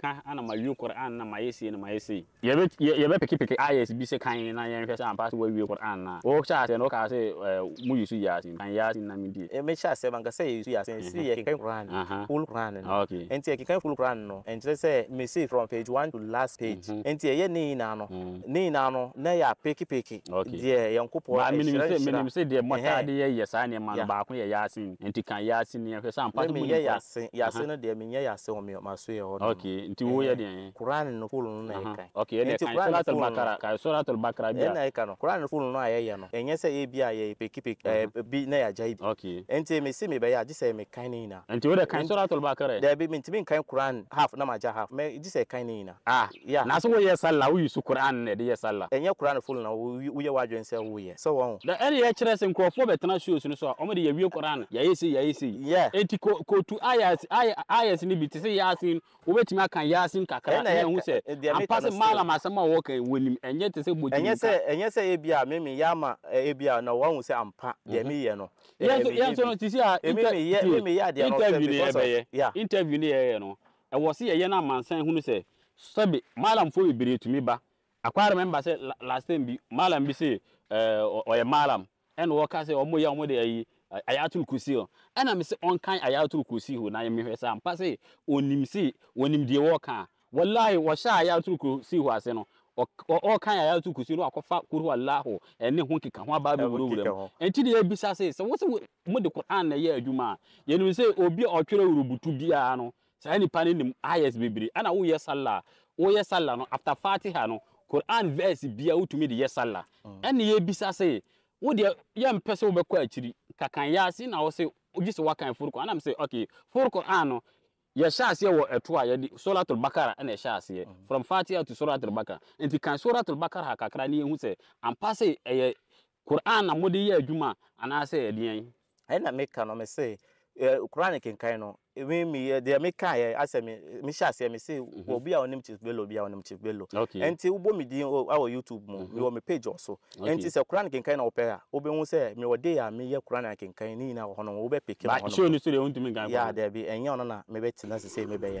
ka ana ma wi Qur'an na ma yesi na ma yesi ye be ye be ayes bi se kan na ye hwese an pass wi Qur'an na o cha se no ka se eh, mu yusu yasin kan yasin na mi di e eh, me cha se ban se yusu yasin si ye kan Qur'an full Qur'an no okay enti ye kan full Qur'an no enti se me see from page 1 to last page mhm. enti ye ni na no mhm. ni na no na ya peki peki die ye nkopo ma e e mi se mi nim se die mota de ye ye sa ne ma ba ko ye yasin enti kan yasin ye hwese an pass mu yasin yasin no de me ye yasin o me ma so ye ho okay nti wo yɛ deɛ kuran no fulu no na yɛ kan okay ɛna kan suratul bakara kan suratul bakara no kuran no fulu no a yɛ yɛ no ɛnyɛ sɛ yɛ bia yɛ peki bi na yɛ agya bi okay nti mese si me bɛyɛ agye sɛ me kan ne nyina nti wo kan suratul bakara dɛbi mi nkan kuran half na ma agya half mɛ gye sɛ kan ne nyina ah yeah na so wo yɛ salla wo yusu kuran na de yɛ salla ɛnyɛ kuran no fulu na wo yɛ wadwen sɛ wo yɛ sɛ wɔn da ɛna yɛ sɛ nkurɔfoɔ bɛtena shows no so a ɔmo de kuran yɛ yɛ si yɛ yɛ si yeah enti ko ko tu ayas ni bi te sɛ yɛ asin wo aka kan yasin kakra na ɛhu sɛ ampa sɛ maala masɛm a wɔwɔ kan wɔnim ɛnyɛ te sɛ bɔdi ɛnyɛ sɛ ɛnyɛ sɛ ebia mimi yama ebia na wɔn sɛ ampa deɛ mhm. mi yɛ no yɛn so no ti si a interview ne yɛ bɛyɛ interview ne yɛ yɛ no ɛwɔ si yɛ yɛ na amansan hunu sɛ sɛbi maalamfo bebree tumi ba akwari mɛmba sɛ last time bi maalam bi se ɛɛ ɔyɛ maalam ɛna wɔka sɛ ɔmo yɛ ɔmo de ayi ayatul kursi hɔ ɛna mi sɛ ɔnkan ayatul kursi hɔ na mi hwɛ sɛ ampa sɛ onim si onim deɛ wɔɔka walahi wɔhyɛ ayatul kursi hɔ ase no ɔkan ayatul kursi no akɔfa kuru alahu ɛne ho keka ho aba bebree wura mu nti deɛ ebisa sɛ sɛ wɔsɛ mo de koran na ɛyɛ adwuma a yɛnum sɛ obi a ɔtwerɛ wurubutu biara no saa nipa ne nim ayɛs bebree ɛna woyɛ sala woyɛ sala no after fatiha no koran verse bia wotumi de yɛ sala mm. ɛna yɛbisa sɛ wo yɛmpɛ sɛ wobɛkɔ akyiri kakan yaase na wɔsɛ ogyi sɛ wakan furu kwan anam sɛ okay furu ano, no yɛhyɛ aseɛ wɔ ɛto a yɛde suratul bakara ɛna ɛhyɛ aseɛ mhm. from fatia to suratul bakara Enti kan suratul bakara ha kakra ne yɛhu sɛ ampa se ɛyɛ quran na mode yɛ adwuma anaasɛ na ɛna meka no me sɛ koraa ne kenkan no mi mi deɛ meka yɛ asɛ mi mi hyɛ aseɛ mi se mhm. obi a ɔnim chief bello obi a ɔnim chief bello nti wobɔ mi din awɔ youtube mu mi mhm. wɔ mi page ɔso nti sɛ koraa ne kenkan na ɔpɛ a wobɛhu sɛ mi wɔ de a mi yɛ koraa ne kenkan ne nyinaa wɔ hɔ no wobɛ peke mu hɔ no bakyɛ onisu de o ntumi nkan kɔ yaa dɛbi ɛnyɛ ɔno na mi bɛ tena sise mi bɛ yɛ.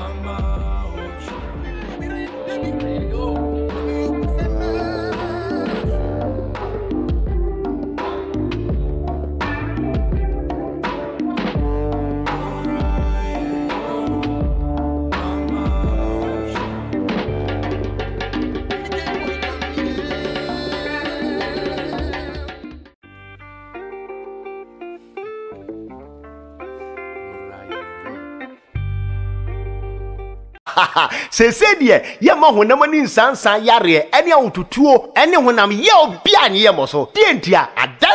Mama, oh, sese deɛ yɛma honam ani nsansan yareɛ ɛne ahototuo ɛne honam yɛ obi a ne yɛ mɔ so deɛ ntia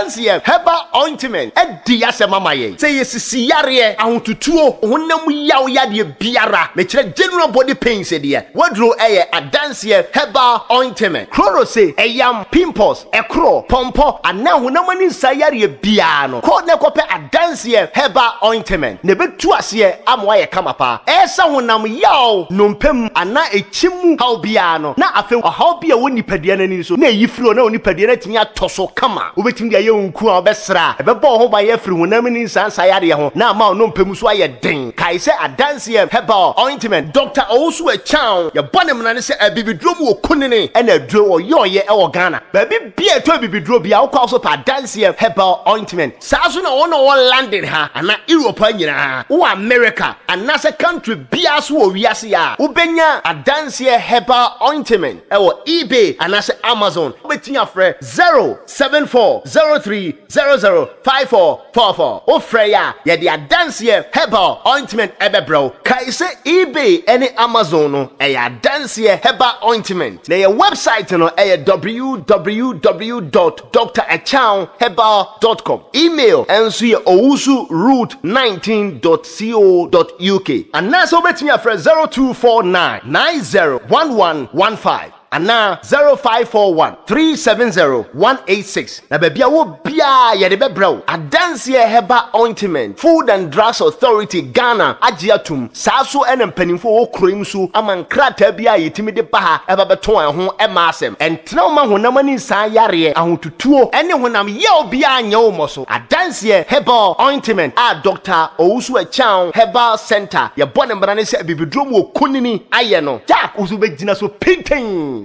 nkanseɛ herbal ointment ɛdi asɛm ama yɛn sɛ yɛsisi yareɛ ahotutuo honam yaw yadeɛ biara mekyerɛ general body pain sɛ deɛ waduro ɛyɛ adanseɛ herbal ointment chloro se ɛyam pimples ɛkorɔ pɔmpɔ anaa honam ani nsa yareɛ biara no kɔɔ na kɔpɛ adanseɛ herbal ointment na ɛbɛtu aseɛ ama wayɛ kama paa ɛɛsɛ honam yaw nnompa mu anaa ekyi mu haw biara no na afei ɔhaw bi a wɔ nipadeɛ no ani so na ɛyi firi hɔ na onipadeɛ no atumi atɔ so kama wobɛtumi de ayɛ wo nku a wobɛsra ɛbɛbɔ wo ho bayɛ afiri honam ne nsansaeɛ adeɛ ho na ama wo no mpɛmu so ayɛ den kae sɛ adanseɛ hebal ointment dɔkta ɔwo so akyaw yɛbɔ ne mmara ne sɛ abibiduro mu wɔ kunini ɛna aduro wɔyɛɔyɛ ɛwɔ ghana baabi bia ɛtɔ abibiduro bia wokɔ so pa adanseɛ hebal ointment saa so na wɔn na wɔwɔ london ha anaa europe ha nyinaa wowɔ america anaasɛ country biara so wɔ wiase a wobɛnya adanseɛ hebal ointment ɛwɔ ebay anaasɛ amazon wobɛtumi afrɛ 074 three zero zero five four four four o fẹ ya yẹde adanseɛ herbal ointment ɛbɛ brɛw kae sɛ ebay ɛne amazon no ɛyɛ adanseɛ herbal ointment na yɛ website no ɛyɛ www dot dr dot com email ɛnso yɛ owusu root nineteen dot co dot uk anaasɛ wobɛtumi afrɛ zero two four nine nine zero one one one five anaa 0541 na baabi a wɔ biara yɛde bɛbrɛ wo adanseɛ heba ointment food and drugs authority ghana agye atom saa so ɛna mpanimfoɔ wɔ kuro yi mu so ama nkrataa bi a yɛtumi de ba ha ɛba bɛtɔn ɛho ɛma asɛm ɛntena wɔn ahonam ani nsaa yareɛ ahotutuo ɛne honam yɛw biara nyɛ wɔn mɔ so adanseɛ herbal ointment a dr owusu ɛkyɛn herbal center yɛbɔ ne mmara ne sɛ bibiduro mu wɔ kunini ayɛ no jack wusu bɛgyina so pinten.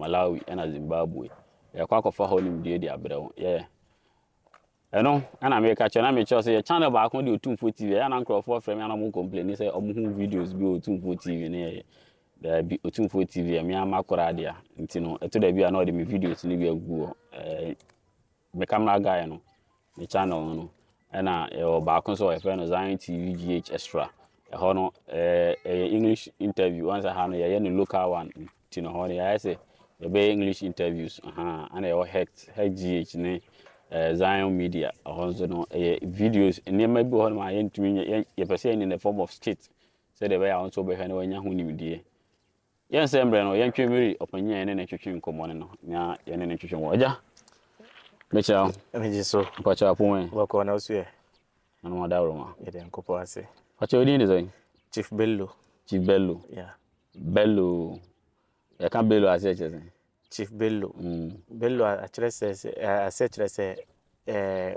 malawi ɛna zimbabwe yɛkɔ akɔfa hɔ nom deɛ de abrɛ wo yɛ ɛno ɛna meka kyerɛ na mekyerɛ sɛ yɛ channel baako de ɔtumfoɔ tv ɛyɛ na nkurɔfoɔ frɛ me ana mo complaini sɛ ɔmo videos bi ɔtumfoɔ tv ne eh, yɛyɛ daabi ɔtumfoɔ tv ɛme eh, ama koraa dea nti no ɛto da bi a na ɔde eh, me videos no bi agu hɔ me camera guy no me channel no ɛna ɛwɔ baako nso ɔyɛfrɛ e no zion tv gh extra ɛhɔ e no ɛyɛ english interview ɔnsɛ ha no yɛyɛ no local one nti no hɔ no yɛayɛ sɛ yɛbɛyɛ english interviews ana ɛwɔ hgh ne eh, zion media ɛhɔ nso no ɛyɛ eh, videos nneɛma bi wɔ hɔ nom a yɛntumi yɛpɛ sɛ yɛne ne form of skit sɛdeɛ ɛbɛyɛ a wo nso wobɛhwɛ na wanya ho nimdeɛ yɛnsɛ mmerɛ no yɛntwe mmiri ɔpanyin a yɛne ne twetwe nkɔmmɔ ne no na yɛne ne twetwe wɔ agya mekyerɛ wo megye so mpakyɛ apo ɛ wɔkɔ na wo so ɛ na no wada worɔ ma yɛde nkɔpɔ ase pakyɛ wodin de sɛn chief bello chief bello yeah. bello yɛka bello asekyerɛ sɛ chief bello mm. bello akyerɛ sɛ asɛkyerɛ sɛ eh,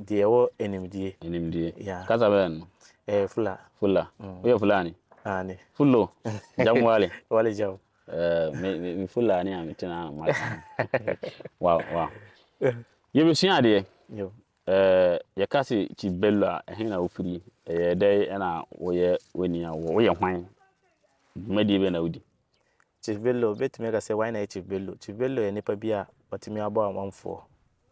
deɛ ɛwɔ animdie animdie yeah. kasa bɛɛ no eh, fula fula mm. woyɛ fulani ani fulo jamu wale wale jamu me fula mi, mi fulani a metena ma wow wow yɛbɛsua adeɛ uh, yɛka se chief bello a ɛhe na wofiri ɛyɛ dɛn ɛna woyɛ w'ani a woyɛ hwan dwumadie bɛ na wodi chief bello bɛtumi akasɛ wan na yɛ chief bello chief bello yɛ nipa bi a ɔtumi abɔ amanfoɔ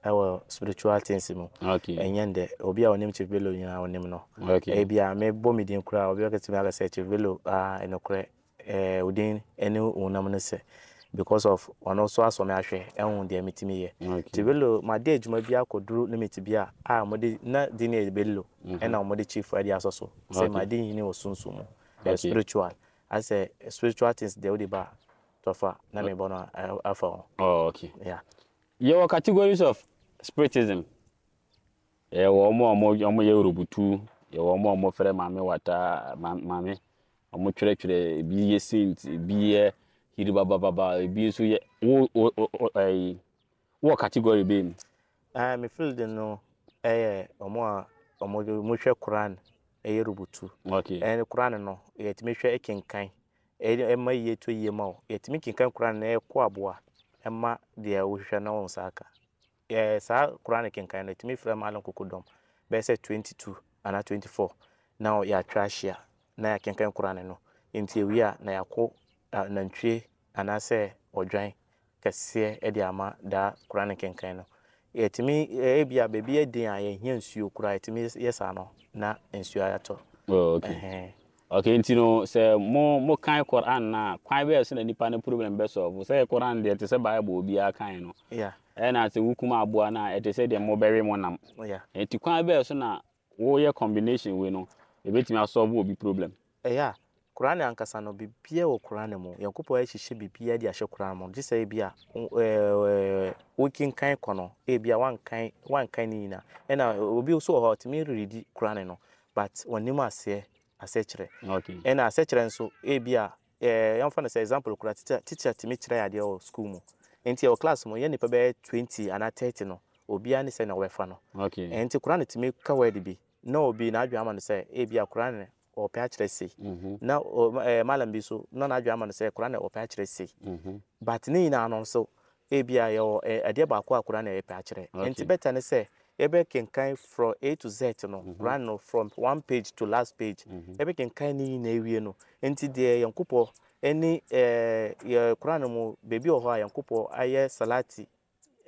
ɛwɔ spiritual things mu ɛnyɛ ndɛ obi a ɔnim chief bello nyinaa ɔnim no ebi a mebɔ mi din koraa obi akasɛ mi akasɛ chief bello aa ɛnokorɛ ɛɛ odin ɛne wɔnam no sɛ because of ɔno nso asɔ mi ahwɛ ɛhu deɛ mitimi yɛ chief bello ma de adwuma bi akɔduru ne miti bi a a ɔmɔde na di ne bello ɛna ɔmɔde chief ɛde asɔ so sɛ ma de nyini wɔ sunsun mu ɛ spiritual. Okay. As asɛ spiritual things deɛ wode ba tɔfa na mebɔ no afa Oh, okay yeah yɛwɔ categories of spiritism yɛwɔ ɔmo a ɔmo yɛ robutu yɛwɔ ɔmo a ɔmo frɛ maame wata maame ɔmo twerɛtwerɛ ebi yɛ saint ebi yɛ hiribabababa ebi nso yɛ wo wo ɛyi wɔ category bɛyɛ mu. ɛɛ mefili de no ɛyɛ ɔmo a ɔmo hwɛ koran ɛyɛ rubutu ɛne koran no yɛtumi hwɛ kenkan ɛma yie to yie ma wo yɛtumi kenkan koran na ɛkɔ aboa ɛma deɛ wohwehwɛ na wɔn saa ka saa koran kenkan no yɛtumi frɛ maalon kokodɔm bɛyɛ sɛ 22 anaa 24 na yɛatwa ahyia na yɛkenkan koran no nti ewi a na yɛakɔ nantwie anaasɛ ɔdwan kɛseɛ de ama daa koran kenkan no yɛtumi eh, ebi a beebi yɛ den a yɛhia nsuo kura yɛtumi yɛ no na nsuo ayatɔ. Oh, ok okay nti no sɛ mo mo kan koran na kwan bɛyɛ so na nipa ne problem bɛ sɔɔfo sɛ koran deɛ te sɛ bible obi kan no ɛna sɛ wokum aboa no a ɛte sɛ deɛ mobɛwe mo nam oh, nti kwan bɛyɛ so na woyɛ combination wei no ɛbɛtumi asɔɔfo obi problem. ɛyɛ kurane ankasa no bibia wɔ kurane mu yankopɔ ahyehyɛ bibia de ahyɛ kurane mu gye sɛ ebi a wokinkan kɔ no ebi a wankan wankan ne nyina ɛna obi so wɔ hɔ ɔtumi redi kurane no but wɔnim aseɛ asɛkyerɛ ɛna asɛkyerɛ nso ebi a yɛmfa no sɛ example kora titira tumi kyerɛ adeɛ wɔ school mu nti ɛwɔ class mu yɛ nipa bɛyɛ twenty anaa thirty no obiara ne sɛ na wɔbɛfa no nti kurane tumi ka wɔ de bi na obi na adwuma ama no sɛ ebi a kurane ɔpɛ akyerɛ se mhm. na malam bi so na n'adwa ama no sɛ koraa na ɔpɛ akyerɛ se mhm. but ne nyinaa no nso ebia yɛwɔ adeɛ baako a koraa na yɛpɛ akyerɛ nti bɛta ne sɛ yɛbɛkenkan from a to z no koraa mhm. no from one page to last page yɛbɛkenkan ne nyinaa ewie no nti deɛ yɛn kopɔ ɛne ɛɛ yɛ koraa no mu beebi wɔ hɔ a yɛn kopɔ ayɛ salati.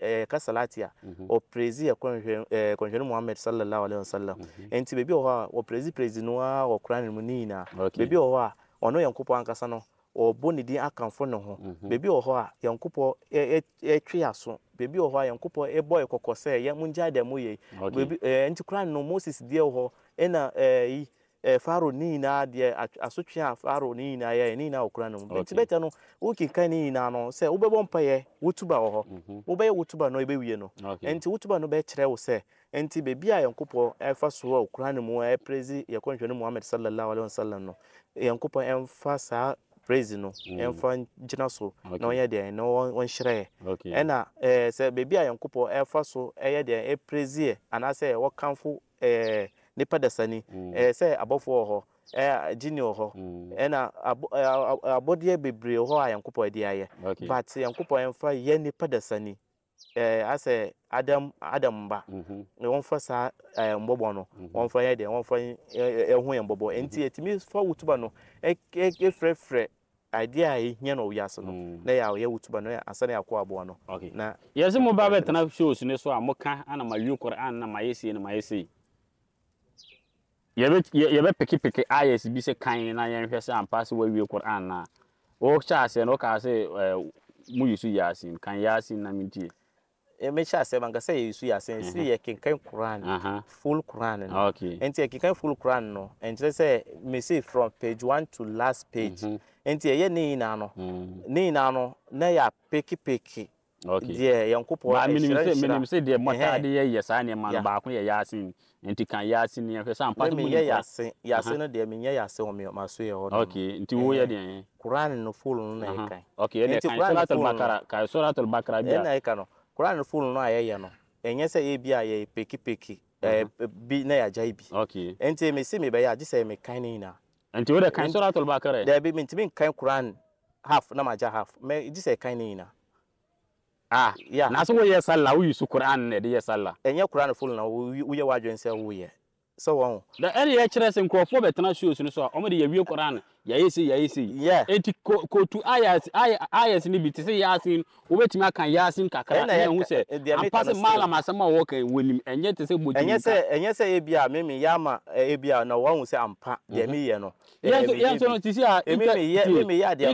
eh, ka salati mhm. a ɔpresi kɔnhwɛne mohammed sallallahu alaihi wasallam mhm. enti baabi wɔ hɔ a ɔpresi presi no a wɔkora ne mu ne nyinaa baabi wɔ hɔ a ɔno yɛnkopɔn ankasa no ɔbɔ ne din akamfo ne ho baabi wɔ hɔ a yɛnkopɔn ɛtwe aso baabi wɔ hɔ a yɛnkopɔn ɛbɔ yɛ kɔkɔ sɛ yɛ mongyae dɛ moyɛ nti koraa no moses deɛ wɔ hɔ ɛna yi eh, faro niile nyinaa a faro no wobɛbɔ wotuba wɔ hɔ mhm. wobɛyɛ wotuba no no wotuba no wo sɛ a yɛnkopɔn ɛfa so a okura ne mu ɛprɛsi yɛkɔnhwɛ no muhammad sallallahu alaihi wasallam no yɛnkopɔn ɛmfa saa praise no mm. ɛmfa gyina so na ɔnyɛ deɛ na wɔnhyerɛ ɛna sɛ baabi a yɛnkopɔn ɛfa so ɛyɛ deɛ anaasɛ ɛɛ nipa da sani ɛyɛ mm. eh, sɛ abɔfoɔ wɔ hɔ ɛyɛ eh, gyini wɔ hɔ mm. ɛna eh, abɔdeɛ bebree wɔ hɔ a yankopɔn de ayɛ but yankopɔn mfa yɛ nipa da sani ɛɛ asɛ adam adam ba mm-hmm. na wɔmfa saa ɛɛ mbɔbɔ no mm-hmm. wɔmfa yɛ deɛ wɔmfa ɛho yɛ mbɔbɔ mm-hmm. nti etimi fa wotuba no ɛfrɛfrɛ adeɛ a ɛhia na ɔwiase no mm. na yɛ ɔyɛ wotuba no asane no. a mo na yɛbɛpekepeke ayɛs bi sɛ kan na yɛnhwɛ sɛ ampa sɛ wawie koran na wohyɛ aseɛ no wokaa sɛ eh, mu yesu yasin kan yasin na mentie eh, mehyɛ asɛm anka sɛ yɛsu yasin sɛ yɛkenkan koran full koran no ɛnti yɛkenkan full koran no ɛnkyerɛ sɛ mese from page one to last page ɛnti mhm. ɛyɛ ne nyinaa no mhm. ne nyinaa no na yɛapekepeke deɛ yɛnkopɔn ɛhyerɛ nhyira menim sɛ deɛ mmɔtaade yɛyɛ saa nneɛma no baako yɛ yasin nti kan yaase ni ahwɛ sɛ ampa mu yɛ yase yase no deɛ menyɛ yase wɔ me ma so yɛ hɔ no okay nti wo yɛ deɛ Quran no full no na ɛka okay ɛna kan suratul bakara kan suratul bakara bia ɛna ɛka no Quran no full no ayɛyɛ no ɛnyɛ sɛ yɛ bia yɛ peki peki mhm. bi na yɛ agya bi okay nti me se me bɛyɛ agye sɛ me kan ne nyinaa nti wo de kan suratul bakara dɛ bi me ntimi kan Quran half na ma agya half me gye sɛ kan ne nyinaa ah yeah na so woyɛ sallah woyi so quran na ɛde yɛ sallah ɛnyɛ quran full na woyɛ wadwen sɛ woyɛ sɛ wɔn na ɛne yɛ kyerɛ sɛ nkurɔfoɔ bɛtena shows no so a ɔmo de yɛwie quran yɛyɛ sei yɛyɛ sei yeah eti kotu ayas ayas ne bi te sɛ yasin wobɛtumi aka yasin kakra na ɛhu sɛ ampa sɛ malam asɛm a wɔwɔ kan wɔnim ɛnyɛ te sɛ bɔdi ɛnyɛ sɛ ɛnyɛ sɛ ebi a mimi yama ebi a na wɔn sɛ ampa deɛ mi yɛ no yɛn so yɛn so no ti si a interview ne yɛbɛyɛ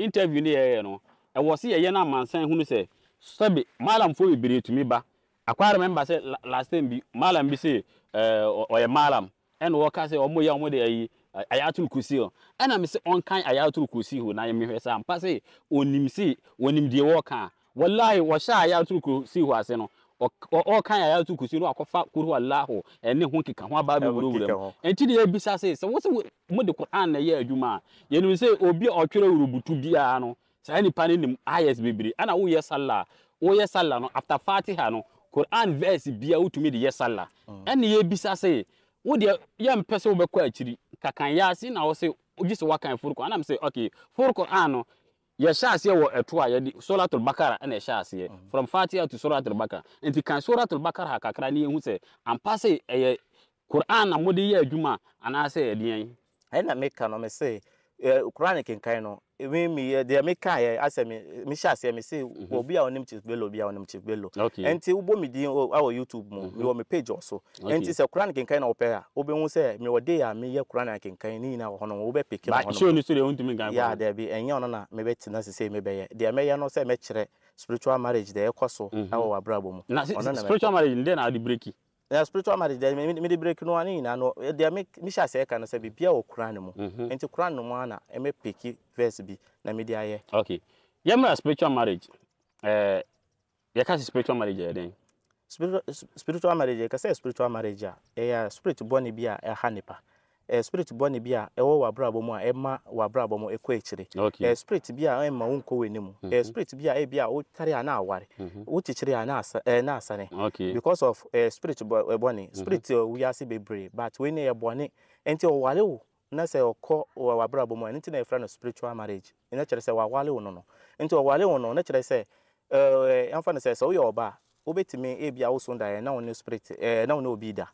interview ne yɛyɛ no ɛwɔ sɛ yɛyɛ no amansan hunu sɛ sɛbe malamfoɔ bebree tumi ba akware memba sɛ last time bi malam bi sɛ ɔyɛ malam ɛna wɔka sɛ ɔmo yɛ ɔmo de ayi ayatul kusi hɔ ɛna mi sɛ ɔnkan ayatul kusi hɔ na yɛmehwɛ sɛ ampa sɛ onim si onim deɛ wɔka wallahi wɔhyɛ ayatul kusi hɔ ase no ɔkan ayatul kusi no akɔfa kuru alahu ɛne ho keka ho aba bɛwura wura mu ɛnti deɛ ebisa sɛ sɛ wɔsɛ mo de koran na ɛyɛ adwuma a sɛ obi a ɔtwerɛ wurubutu biara no saa nipa ne nim ayɛs bebree ɛna woyɛ sala woyɛ sala no after fatiha no quran verse bia wotumi de yɛ sala oh. ɛna yɛbisa sɛ wodeɛ yɛmpɛ sɛ wobɛkɔ akyiri kakan yɛase na wo sɛ wogye sɛ woakan forokɔ anam sɛ okay forokɔ a no yɛhyɛ aseɛ wɔ ɛto a yɛde suratul bakara ɛna ɛhyɛ aseɛ oh. from fatiha to suratul bakara nti kan suratul bakara kakra ne yɛhu sɛ ampa se ɛyɛ quran na mode yɛ adwuma anaasɛ ɛdeɛn ɛna meka no me sɛ quran kenkan no Eh, eh, mi mi yɛ deɛ mi ka yɛ asɛ mi mi mm-hmm. hyɛ aseɛ mi se obi a ɔnim chief bello obi a ɔnim chief bello ɛnti wobɔ mi din awɔ youtube mu mi mm-hmm. wɔ mi page ɔso ɛnti sɛ kura ne kankan na ɔpɛ a wobɛhu sɛ mi wɔ de a mi yɛ kura ne kankan ni nyinaa wɔ hɔ nom wobɛ peke ma hɔ nom baasi oni so deɛ ontumi gan ya dɛbi ɛnyɛ ɔno na mi bɛ tena sise mi bɛ yɛ deɛ mɛ yɛ no sɛ mɛ kyerɛ spiritual marriage deɛ ɛkɔ so ɛwɔ mm-hmm. wɔ abirabɔ mu ɔno na mɛ spiritual na spiritual marriage deɛ mi de break no ani nyinaa no deɛ mi mi hyɛ aseɛ ka no sɛ biribi a wɔ kura ne mu nti kura ne mu ana ɛmɛ peki verse bi na mi de ayɛ. okay yɛ mmerɛ spiritual marriage ɛɛ yɛ ka sɛ spiritual marriage eh, yɛ den. spiritual marriage yɛ ka spiritual marriage a ɛyɛ spirit bɔ eh, ah, eh, ne bi a ɛha nipa. Eh, spirit bɔne bi a ɛwɔ wɔ abrabɔ mu a ɛma wɔ abrabɔ mu ɛkɔ eh, spirit bi a ɛma wo nkɔ mm -hmm. spirit bi a ɛbi a wotare a na aware mm-hmm. wokyekyere a na asane okay. because of eh, spirit bɔne mm-hmm. spirit mm -hmm. wiase bebree but wei ne yɛ bɔne nti wo na sɛ ɔkɔ w'abrabɔ mu a ɛno na yɛfrɛ no spiritual marriage ɛno kyerɛ sɛ wɔawale wo no no nti ɔwale wo no na kyerɛ sɛ ɛmfa no sɛ sɛ woyɛ ɔba a wobɛtumi ebia wo so daeɛ na wo ne spirit eh, na wo ne obi da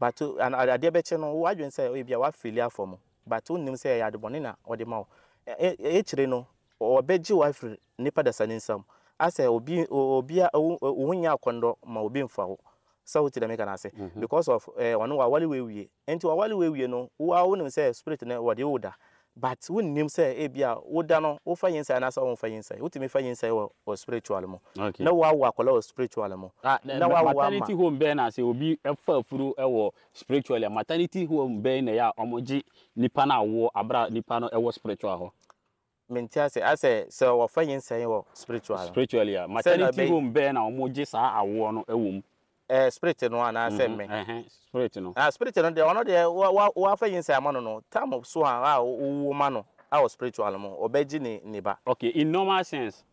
but adeɛ bɛkyɛ no wadwene sɛ ebi a wafili afɔ mu but wonim sɛ ɛyɛ adebɔne na ɔde ma wo ɛkyire no ɔbɛgye wo afiri nipa dasa ne nsam asɛ obi obi a uh, uh, uh, wo nya akɔndɔ ma obi mfa wo sɛ wote dɛm ɛka no ase because of ɔno eh, wawale wewie nti wawale wewie no woa wonim sɛ spirit no wɔde wo da but wonnim sɛ ebia woda no wofa fa anaasɛ na yɛnsa wotumi fa yɛnsa wɔ wɔ spiritual mu okay. na wawo akɔla wɔ spiritual mu ah, na wawo ama maternity home bɛn na sɛ obi ɛfa afuru ɛwɔ spiritual a maternity home bɛn na yɛ a ɔmo gye nipa no awoɔ abra nipa no ɛwɔ spiritual hɔ menti ase asɛ sɛ wɔfa yɛnsa wɔ spiritual spiritual a maternity home bɛn na ɔmo gye saa awoɔ no ɛwɔ mu eh, spirit no anaasɛ mm -hmm. me uh -huh. spirit no ah, spirit no deɛ ɔno deɛ woafa yi nsɛ ama no no tam so a a wowɔ ma no a spiritual mu ɔbɛgye ne ne ba okay in normal sense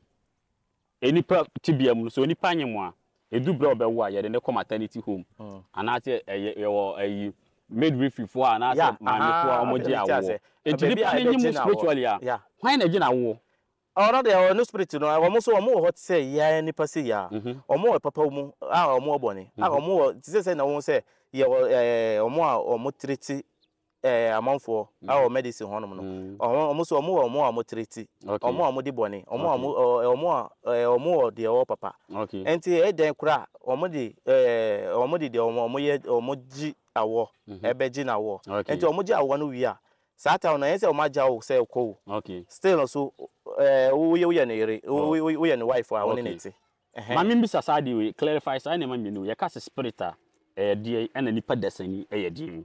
enipa tibia mu so onipa nye mu a edu bere ɔbɛwo a yɛde ne kɔ maternity home mm. anaasɛ ɛyɛ ɛwɔ ɛyi midwiferyfoɔ a anaasɛ maamefoɔ a wɔn gye awoɔ eti nipa ne nye mu spiritually a hwan na gye na awoɔ ɔno deɛ ɔno spirit no wɔn nso wɔn wɔ hɔ te sɛ yɛn nipa sɛ yia wɔn wɔ papa mu a wɔn wɔ bɔne a wɔn wɔ te sɛ sɛ na wɔn sɛ yɛ wɔ ɛɛ wɔn a wɔn tiriti ɛɛ amanfoɔ a wɔ medicine hɔnom no wɔn wɔn nso wɔn wɔ wɔn a wɔn tiriti wɔn a wɔn de bɔne wɔn a wɔn wɔn a ɛɛ wɔn wɔ deɛ wɔwɔ papa nti ɛdan kora wɔn de ɛɛ wɔn de deɛ wɔn wɔn yɛ wɔn gyi awɔ ɛbɛgye na awɔ nti wɔn gye awɔ no wia saa ta na yɛsɛ ɔma gya wo sɛ wokɔ wo still no so eh, woyɛ woyɛ ne yere woyɛ ne wife a wone ne te ma membisa saa deɛ wei clarify saa nneɛma mmienu yɛka se spirit a eh, ɛyɛ deɛ ɛna nipa dasani ɛyɛ deɛ mu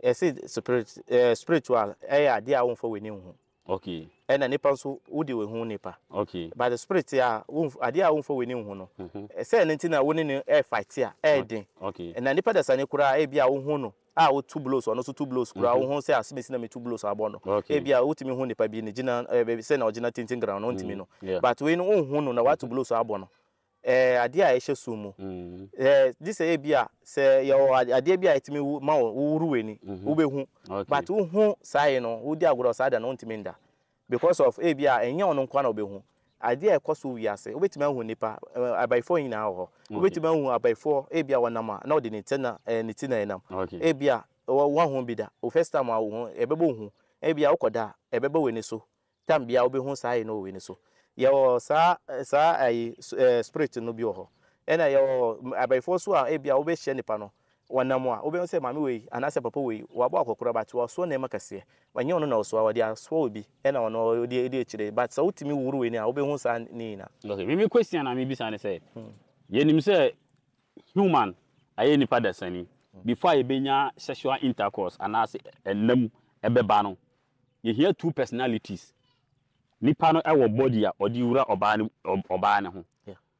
yɛse eh, spiritual ɛyɛ adeɛ a womfa w'ani ho okay ɛna nipa nso wode wo ho nipa okay but the spirit a ade a womfa w'ani ho no mhm. sɛ ne nti na wo ne ne ɛyɛ fight a ɛyɛ den okay ɛna nipa dasane koraa ebi a wo ho no a wo two blows ɔno so two blows koraa mhm. wo ho sɛ aseme si na me two blows abɔ no ebi a wotumi ho nipa bi ne gyina ɛɛ sɛ na ɔgyina tenten ground no ntumi mhm. no but wei no wo ho no na wa two blows abɔ no. Eh, adeɛ a ɛhyɛ so mu mm. eh, sɛ ebi a sɛ yɛwɔ adeɛ bi a yɛtumi ma wowuru w'ani mhm. wobɛhu but wohu saa yi no wodi agorɔ saa da no wontumi nda because of ebi a ɛnyɛ na adeɛ a ɛkɔ so ahu nipa eh, nyinaa wɔ hɔ ahu ebi a wɔnam a na ne ti na ne ti na ɛnam ebi a wɔahu bi da o first time a ɛbɛbɔ ebi a tam bi a saa yi na wɔ yɛwɔ saa eh, saa ayi eh, spirit no bi wɔ hɔ ɛna yɛwɔ abayifoɔ so a ebi eh, a wobɛhyia nipa no wɔnam a wobɛhu sɛ maame wei anaasɛ papa wei wabɔ akɔkora bat wɔsoɔ nneɛma kɛseɛ wɔnyɛ ɔno na ɔsoa wɔde asoa obi ɛna ɔno ɔde ɔde akyire but sɛ wotumi wuru wei ni a wobɛhu saa ne nyina. lɔsɛ bibi question na mi bi saa ne sɛ hmm. yɛnim sɛ human ayɛ nipa dasani hmm. before a yɛbɛnya sexual intercourse anaasɛ ɛnam ɛbɛba no yɛhia two personalities. nipa no ɛwɔ body a ɔde wura ɔbaa ne ɔbaa ne ho